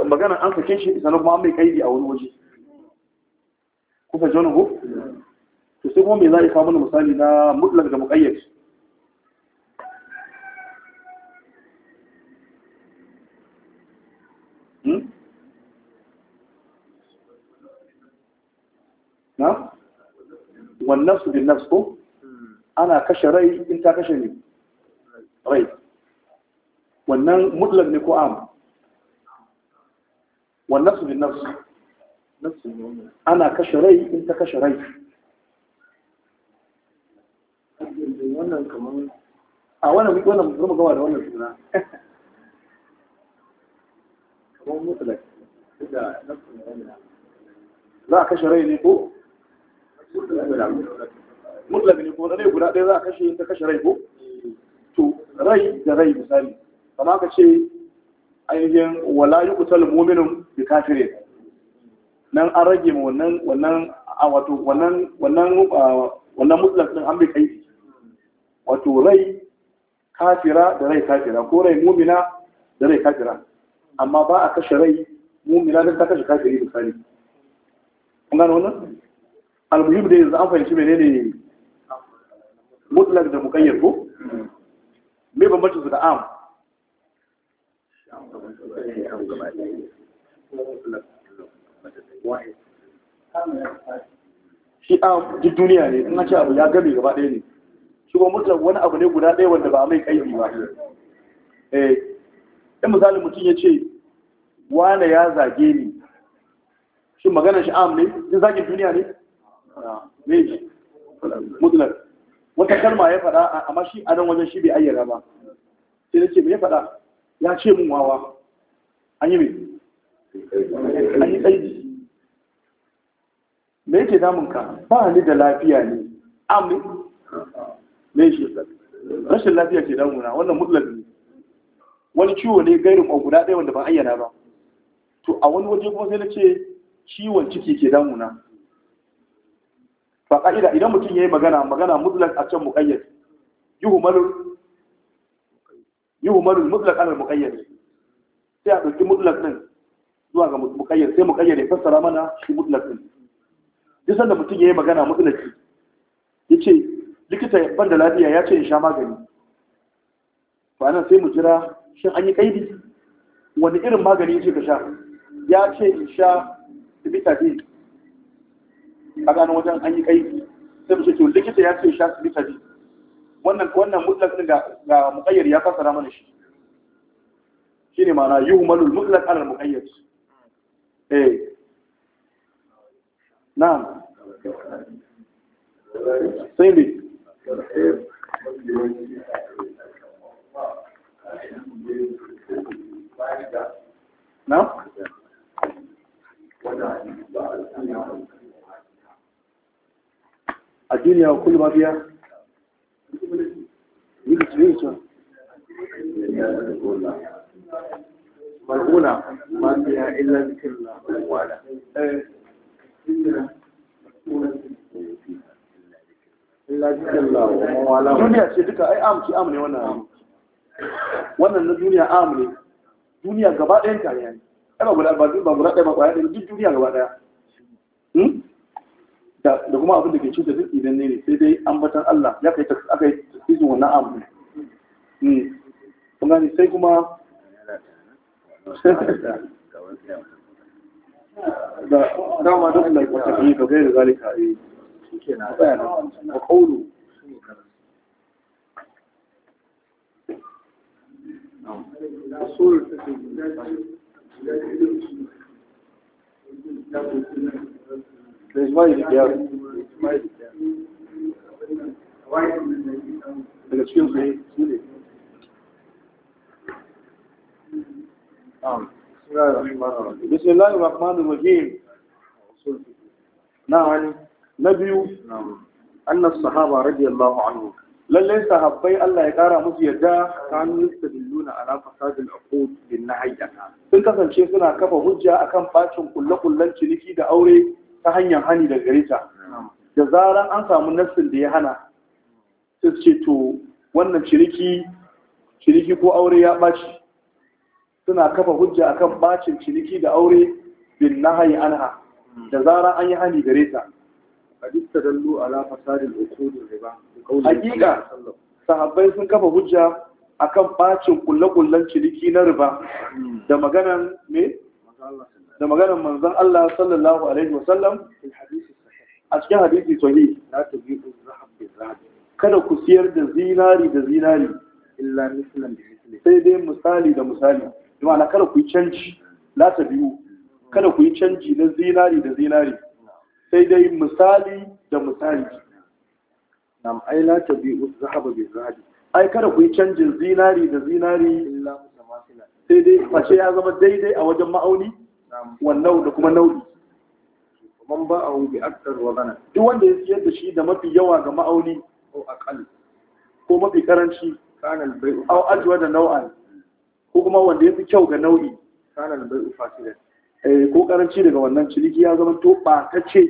magana an sake shi sannan kuma an mai kaidi a wani waje kuka jona ko to sai kuma me za a yi samun misali na mutlak da muƙayyad hmm? na wannan su bin nafs ko ana kashe rai in ta kashe ne rai wannan mutlak ne ko am wannan su bin nafs ana kashe rai in ta kashe rai a wannan wannan zama gama da wannan suna kamar mutlak za a kashe rai ne ko mutlak ne ko rai guda ɗaya za a kashe ta kashe rai ko to rai da rai misali kama ka ce ainihin wala yi kutal muminin da kafirin nan an rage ma wannan wannan a wato wannan wannan wannan mutlaq din an bai kai wato rai kafira da rai kafira ko rai mumina da rai kafira amma ba a kashe rai mumina da ta kashe kafiri misali kun gano wannan almuhim da yanzu an fahimci menene mutlaq da muqayyad ko me bambancin su da am wa'id shi a ah, duk duniya ne in ce abu ya gabe gaba ɗaya ne shi kuma mutlaq wani abu ne guda ɗaya wanda ba a mai kaifi ba eh in misali mutum ya ce wane ya zage ni shi maganar shi am ne in zagin duniya ne ne shi mutlaq wata kalma ya faɗa amma shi a nan wajen shi bai ayyana ba sai na ce me ya faɗa ya ce mun wawa an yi me an yi kaidi me yake damun ka ba ni da lafiya ne amin me shi rashin lafiya ke damuna wannan mutlak ne wani ciwo ne gairin ko guda ɗaya wanda ban ayyana ba to a wani waje kuma sai na ce ciwon ciki ke damuna ba ka'ida idan mutum ya yi magana magana mutlak a can muƙayyad yuhu malu mutlak alal muƙayyad sai a ɗauki mutlak ɗin zuwa ga muƙayyad sai muƙayyad ya fassara mana shi mutlak ɗin duk sanda mutum ya yi magana mutulaki ya ce likita ban da lafiya ya ce in sha magani nan sai mu jira shin an yi kaidi wani irin magani ya ce ka sha ya ce in sha sibitadin a gano wajen an yi kaidi sai mu ce likita ya ce sha sibitadin wannan wannan mutlak ga ga muqayyar ya fasara mana shi shine ma'ana yuhmalul mutlak ala al muqayyad eh نعم صيبي نعم الدنيا وكل ما فيها يجلس فيه مرغولة ما فيها إلا ذكر الله إيه. duniya ce duka ai am ce am ne wannan am wannan na duniya am ne duniya gaba ɗayan ta ne ai ba guda ba ba guda ɗaya ba kwaya ɗaya duk duniya gaba ɗaya hmm? da kuma abin da ke cuta duk idan ne ne sai dai ambatan Allah ya kai aka yi tasirin wannan am ne hmm. kun gani sai kuma dama duk da wata fi ga gairu zalika eh, a yi a kaulu da ismail biyar بسم الله الرحمن الرحيم نعم نبي أن الصحابة رضي الله عنهم lallai sahabbai Allah ya kara musu yadda kanu yastadilluna ala fasadil uqud bin nahy sun kasance suna kafa hujja akan ɓacin bacin kullakullan ciniki da aure ta hanyar hani da gareta da zaran an samu nassin da ya hana sai ce to wannan ciniki ciniki ko aure ya baci suna kafa hujja akan bacin ciniki da aure bin nahayi anha da zara an yi hani gare ta hadis tadallu ala fasadil uqud riba hakika sahabbai sun kafa hujja akan bacin kullakullan ciniki na riba hmm. da maganan me da maganan manzon Allah sallallahu alaihi wasallam a cikin hadisi sahih la tabi'u zahab bi kada ku siyar da zinari da zinari illa mislan bi misli sai dai misali da misali Imana kada ku yi canji na ta biyu kada ku yi canji na zinari da zinari sai dai misali da misali nam ai la ta biyu zahaba bi zahabi ai kada ku yi canjin zinari da zinari sai dai fashe ya zama daidai a wajen ma'auni wannan da kuma nau'i man ba a wuce aktar wa gana duk wanda ya siyar da shi da mafi yawa ga ma'auni ko akal ko mafi karanci kanal bai au ajwa da nau'an ko kuma wanda ya fi kyau ga nau'i kana da eh ko karanci daga wannan ciniki ya zama to ba ta ce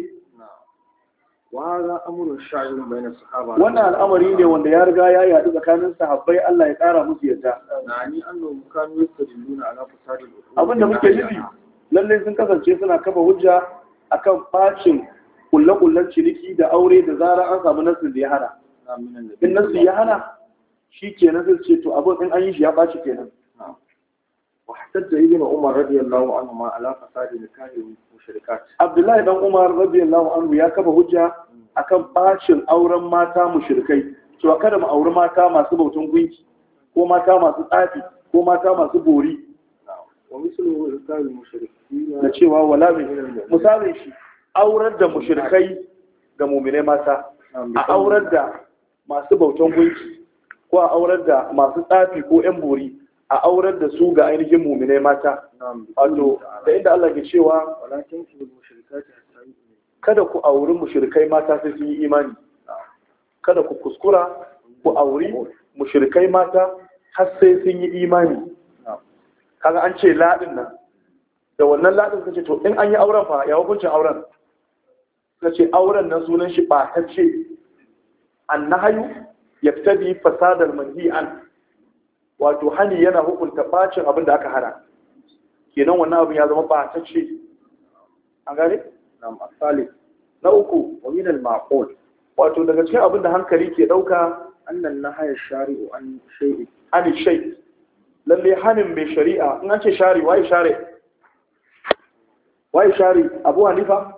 wannan al'amari ne wanda ya riga ya yadu tsakanin sahabbai Allah ya kara musu yadda abinda muke nufi lalle sun kasance suna kafa hujja akan bacin kullakullan ciniki da aure da zara an samu nasir da ya hana in nasir ya hana shi kenan nasir ce to abin in an yi shi ya baci kenan واحتج ابن عمر رضي الله عنهما على فساد نكاح المشركات عبد الله بن عمر رضي الله عنه يا كبا حجة akan bacin auren mata mushrikai To kada mu auri mata masu bautan gunki ko mata masu tsafi ko mata masu bori Wa na cewa wala misalin shi aurar da mushrikai ga muminai mata a aurar da masu bautan gunki ko a aurar da masu tsafi ko yan bori a aurar da su ga ainihin mumine mata wato da inda Allah ke cewa kada ku auri mushrikai mata sai sun yi imani kada ku kuskura ku auri mushrikai mata har sai sun yi imani kaga an ce ladin nan da wannan ladin ce to in an yi auren fa ya hukuncin auren ce auren nan sunan shi ba ta ce annahayu yaktabi fasadal manhi an wato hani yana hukunta bacin abin da aka hana kenan wannan abin ya zama ce an gane na misali na uku wa min al maqul wato daga cikin abin da hankali ke dauka annan haya shari'u an shay'i an shay lalle hanin mai shari'a in an ce shari wai share wai shari abu hanifa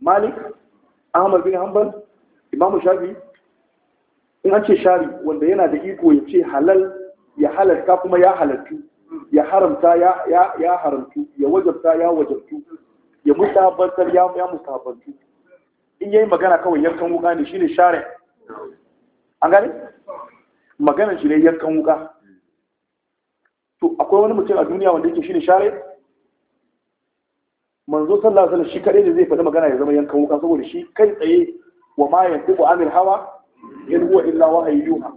malik ahmad bin hanbal imam shafi'i in an ce shari wanda yana da iko ya ce halal ya halarta kuma ya halartu ya haramta ya haramtu ya wajabta ya wajabtu ya musabantar ya musabantu in yayi magana kawai yankan wuka ne shine share an gane maganar shi ne yankan wuka to akwai wani mutum a duniya wanda yake shine share manzo sallallahu alaihi wasallam shi kadai da zai faɗi magana ya zama yankan wuka saboda shi kai tsaye wa ma yantiqu anil hawa in huwa illa wahayi yuha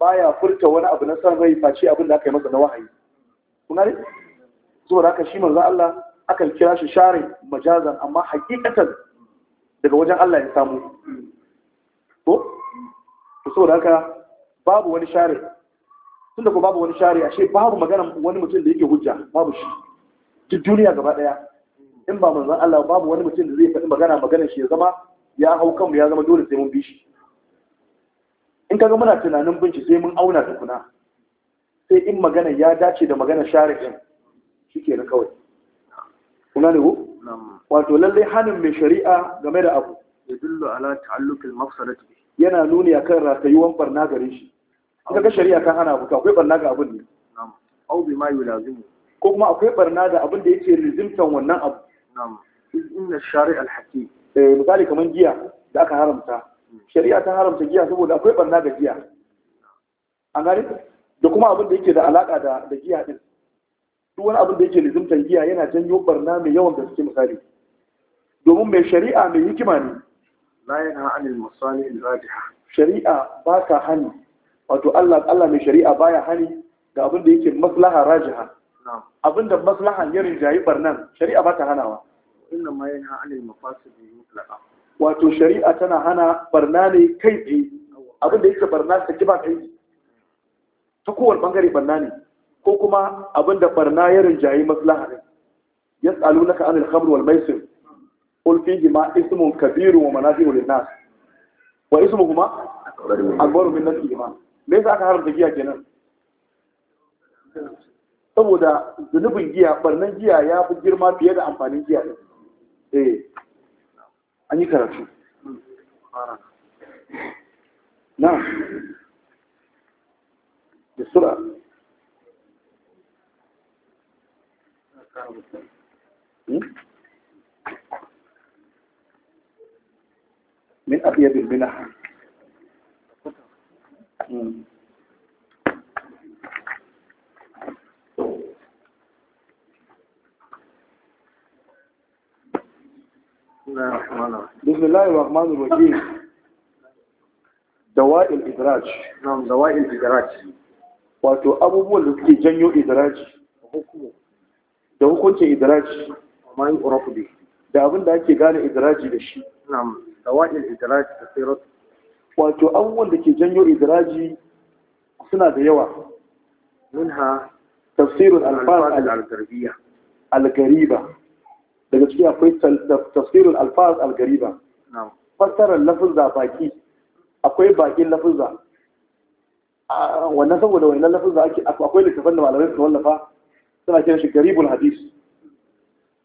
baya furta wani abu na san rai face abin da aka yi masa na wahayi kuna ne saboda haka shi manzo Allah akan kira shi share majazan amma hakikatan daga wajen Allah ya samu to to saboda haka babu wani share da ko babu wani share ashe babu magana wani mutum da yake hujja babu shi duk duniya gaba daya in ba manzo Allah babu wani mutum da zai faɗi magana magana shi ya zama ya hau kanmu ya zama dole sai mun bi shi in kaga muna tunanin bincike mun auna tukuna sai in magana ya dace da magana shari'in shike na kawai kuna ne ku wato lallai hannun mai shari'a game da abu ya dillo ala ta'alluqil mafsadati yana nuni akan ratayuwan barna gare shi kaga shari'a kan hana abu akwai barna ga abin ne na'am au bi ma yulazimu ko kuma akwai barna da abin da yake rizimtan wannan abu na'am inna shari'a al-hakim eh misali kaman giya da aka haramta shari'a ta haramta giya saboda akwai barna da giya a gani da kuma abin da yake da alaka da da giya din duk wani abin da yake lizimtan giya yana janyo barna mai yawan gaske misali domin mai shari'a mai hikima ne la yana anil masalih rajiha shari'a ba ta hani wato Allah Allah mai shari'a baya hani ga abin da yake maslaha rajiha abin da maslaha ya jayi barnan shari'a ba ta hanawa inna ma yana anil mafasid mutlaqa wato shari'a tana hana barna ne kai tsaye abin da yake barna ta ba kai ta kowar bangare barna ne ko kuma abin da barna ya rinjayi maslaha ne yas'alunaka anil khamr wal maisir qul fihi ma ismun kabirun wa manafi'u lin nas wa kuma akbaru min nafsihima me yasa aka haramta giya kenan saboda zunubin giya barnan giya ya fi girma fiye da amfanin giya eh an yi karatu na من أطيب المنح bismillahir rahmanir rahim dawa'il idraj nam dawa'il wato abubuwan da ke janyo idraj da hukuncin idraj yi urafu da abin da ake gane idraji da shi wato abubuwan da ke janyo idraji suna da yawa minha tafsirul alfar gariba daga ciki akwai tafsirin alfaz al-gariba fassarar lafuzza baki akwai bakin lafuzza wannan saboda wannan lafuzza ake akwai littafin da malamai suka wallafa suna kiran shi garibul hadis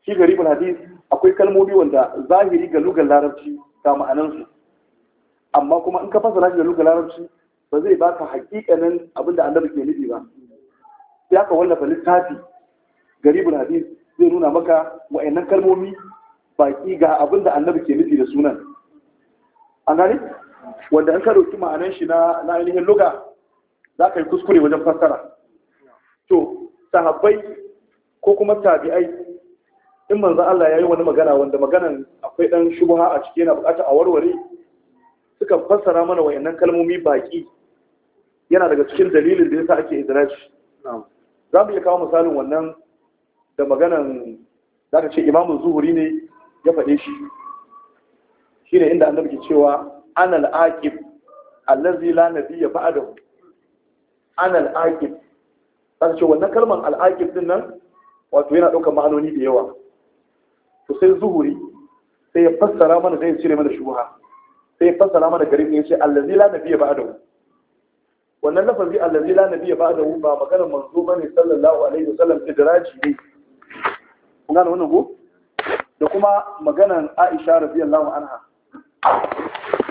shi garibul hadis akwai kalmomi wanda zahiri ga lugar larabci ga ma'anansu amma kuma in ka fassara shi da lugar larabci ba zai baka hakikanin abin da annabi ke nufi ba sai aka wallafa littafi garibul hadis zai nuna maka wa'annan kalmomi baki ga abin da annabi ke nufi da sunan an gane wanda an karo dauki ma'anan shi na na ainihin luga za ka yi kuskure wajen fassara to sahabbai ko kuma tabi'ai in manzo Allah ya yi wani magana wanda maganan akwai dan shubha a ciki yana bukata a warware suka fassara mana wayannan kalmomi baƙi yana daga cikin dalilin da ya yasa ake idraji za mu iya kawo misalin wannan da maganan za ka ce imamun zuhuri ne ya faɗe shi shi ne inda annabi ke cewa an al'aƙib allazi la nabiyya ba'dahu an al'aƙib za ka ce wannan kalmar al'aƙib din nan wato yana ɗaukar ma'anoni da yawa to sai zuhuri sai ya fassara mana zai ya cire mana shubuha sai ya fassara mana garin ya ce allazi la nabiyya ba'dahu wannan lafazi allazi la nabiyya ba'dahu ba maganar manzo bane sallallahu alaihi wasallam idraji ne kun gane wannan ko da kuma maganan Aisha radiyallahu anha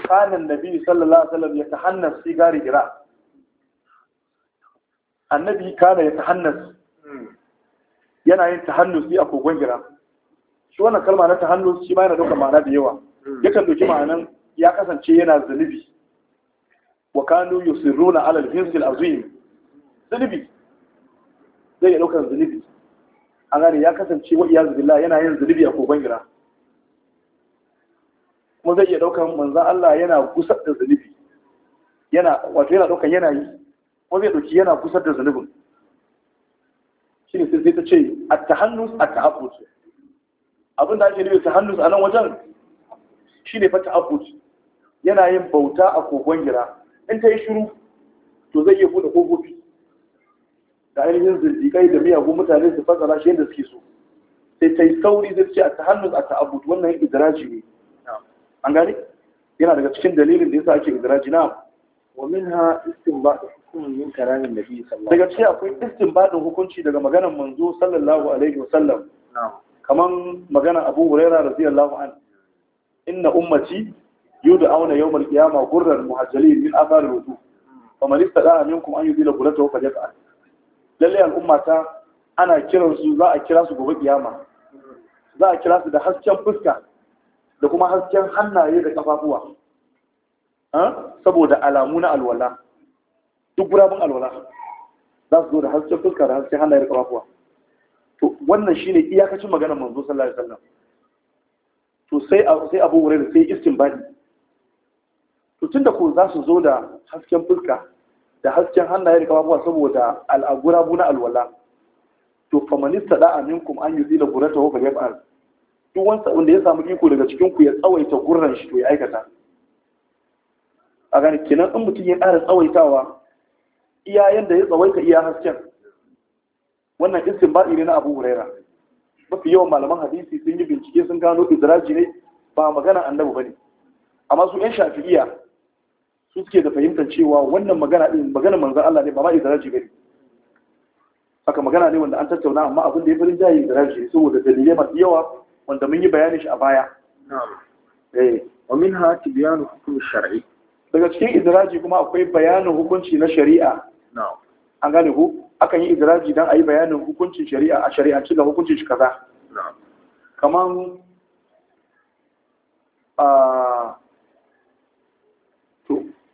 kana nabi sallallahu alaihi wasallam ya tahannas sigari gira annabi kana ya tahannas yana yin tahannusi a kogon gira shi wannan kalma na tahannus shi ma yana daukar ma'ana da yawa yakan doki ma'anan ya kasance yana zunubi wa kanu yusirruna ala al-hinsil azim zunubi zai ya daukar zunubi an gane ya kasance wa iyazu billah yana yin zunubi a kogon gira kuma zai iya daukan manzan Allah yana gusar da zunubi yana wato yana daukan yana yi kuma zai dauki yana gusar da zunubin shi ne sai ta ce a ta hannus a ta hafut abin da ake nufi ta hannus a nan wajen shi ne fa ta yana yin bauta a kogon gira in ta yi shiru to zai iya bude kofofi da ainihin zirgikai da miyagun mutane su fasara shi yadda suke so sai ta yi sauri zai ce a ta hannun a ta abu wannan idiraji ne an gane yana daga cikin dalilin da yasa ake idiraji na wa minha istinbadu hukumin min karamin nabi sallallahu daga cewa akwai istinbadin hukunci daga maganar manzo sallallahu alaihi wa sallam kaman maganar Abu Hurairah radiyallahu an inna ummati yud'auna yawm al-qiyamah ghurran muhajjalin min athar al-wudu ɗaya istata'a minkum an yudila ghurratahu falyaf'al lalle al'umma ta ana kiran su za a kira su gobe kiyama za a kira su da hasken fuska da kuma hasken hannaye da kafafuwa ah, saboda alamu na alwala duk gurabin alwala za su zo da hasken fuska da hasken hannaye da kafafuwa to wannan shine iyakacin maganar manzo sallallahu alaihi wasallam to sai sai Abu wurin sai istinbadi to tunda ko za su zo da hasken fuska da hasken hannaye da kamar saboda al'agurabu na alwala to famanista da aminkum an yi zila gurata wa fayyab'ar duk wanda ya samu iko daga cikin ku ya tsawaita gurran shi to ya aikata a gani kenan in mutum ya ƙara tsawaitawa iya yanda ya tsawaita iya hasken wannan ba'i ne na Abu Huraira mafi yawan malaman hadisi sun yi bincike sun gano idraji ne ba magana annabi ne. amma su yan shafi'iya suke da fahimtar cewa wannan magana din magana manzon Allah ne ba ma izraji bane haka magana ne wanda an tattauna amma abin da ya farin jayi izraji saboda dalilai masu yawa wanda mun yi bayanin shi a baya na'am eh wa minha tibyanu hukm shar'i daga cikin izraji kuma akwai bayanin hukunci na shari'a na'am an gane ku akan yi izraji dan ayi bayanin hukuncin shari'a a shari'ance da hukuncin shi kaza na'am kaman a ah,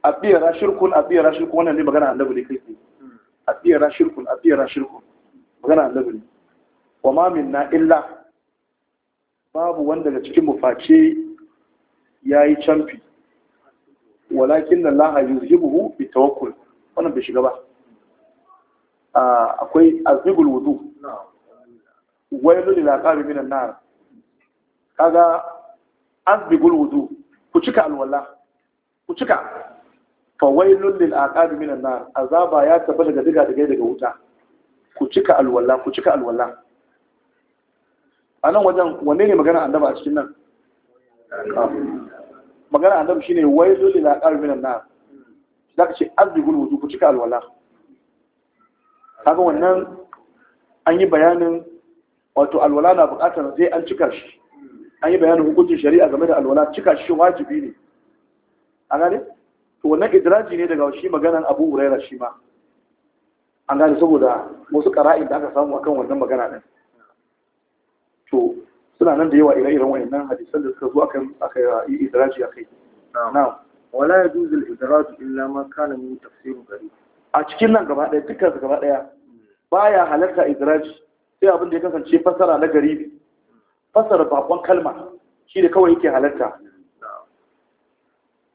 a tsira shirkun a tsira shirkun wannan ne magana annabi ne kai a tsira shirkun a tsira shirkun magana annabi ne wa ma minna illa babu wanda daga cikin mu face yayi canfi walakin Allah yuzhibuhu bi tawakkul wannan bai shiga ba akwai azbigul wudu wailu lil aqabi minan nar kaga azbigul wudu ku cika alwala ku cika fawailun lil aqabi minan nar azaba ya tafi daga diga daga daga wuta ku cika alwala ku cika alwala anan wajen wanne ne magana annabi a cikin nan magana annabi shine wailun lil aqabi minan nar zaka ce azbigul wudu ku cika alwala kaga wannan an yi bayanin wato alwala na bukatar sai an cika shi an yi bayanin hukuncin shari'a game da alwala cika shi wajibi ne a gane wannan idraji ne daga shi maganan abu huraira shi ma an gane saboda wasu ƙara'in da aka samu akan wannan magana ɗin to suna nan da yawa ire-iren wayannan hadisan da suka zo akan aka yi idraji akai na'am wala yajuzu al-idraj illa ma kana min tafsirin gari a cikin nan gaba ɗaya dukkan su gaba ɗaya baya halarta idraji sai abin da ya kasance fasara na gari fasara bakon kalma shi da kawai yake halarta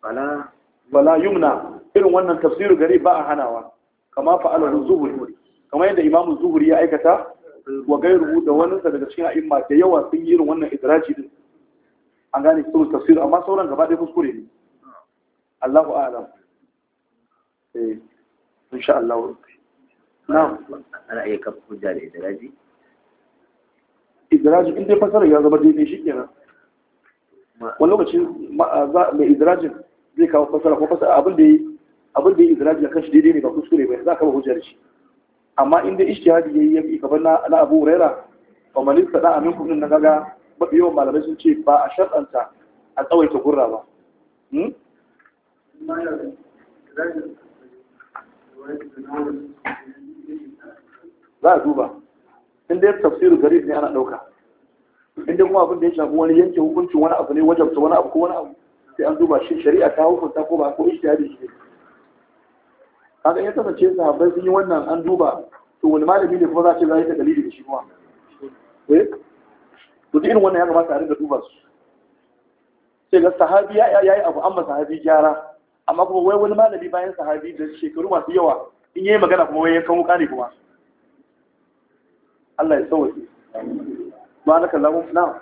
ala wala yumna irin wannan tafsiru gari ba a hanawa kama fa'alahu zuhuri kama yadda imamu zuhuri ya aikata wa gairuhu da wani sa daga cikin a'imma da yawa sun yi irin wannan idraji din an gane su tafsir amma sauran gaba ɗaya kuskure ne Allahu a'lam eh insha Allah na'am ana iya kafa hujja da idraji idraji in dai fasara ya zama daidai shikenan wani lokaci mai idrajin zai kawo fasara ko fasara abin da abin da izraji ya kashi daidai ne ba kuskure ba za ka ba hujjar shi amma in dai ijtihadi yayi ya fi kaban na na Abu Huraira fa man istada amin kun nan kaga mafi yawan malamai sun ce ba a shartanta a tsawaita gurra ba hmm? za a duba in dai tafsirin gari ne ana ɗauka in dai kuma abin da ya shafi wani yanke hukuncin wani abu ne wajabta wani abu ko wani abu sai an duba shi shari'a ta hukunta ko ba ko ijtihadi shi kaga ya kasance sahabbai sun yi wannan an duba to wani malami ne kuma za ce za yi ta dalili da shi kuma eh to irin wannan ya kamata a rinka duba su sai ga sahabi ya yi abu amma sahabi gyara amma kuma wai wani malami bayan sahabi da shekaru masu yawa in yi magana kuma wai ya kawo ne kuma Allah ya sauwaje ba na kallon na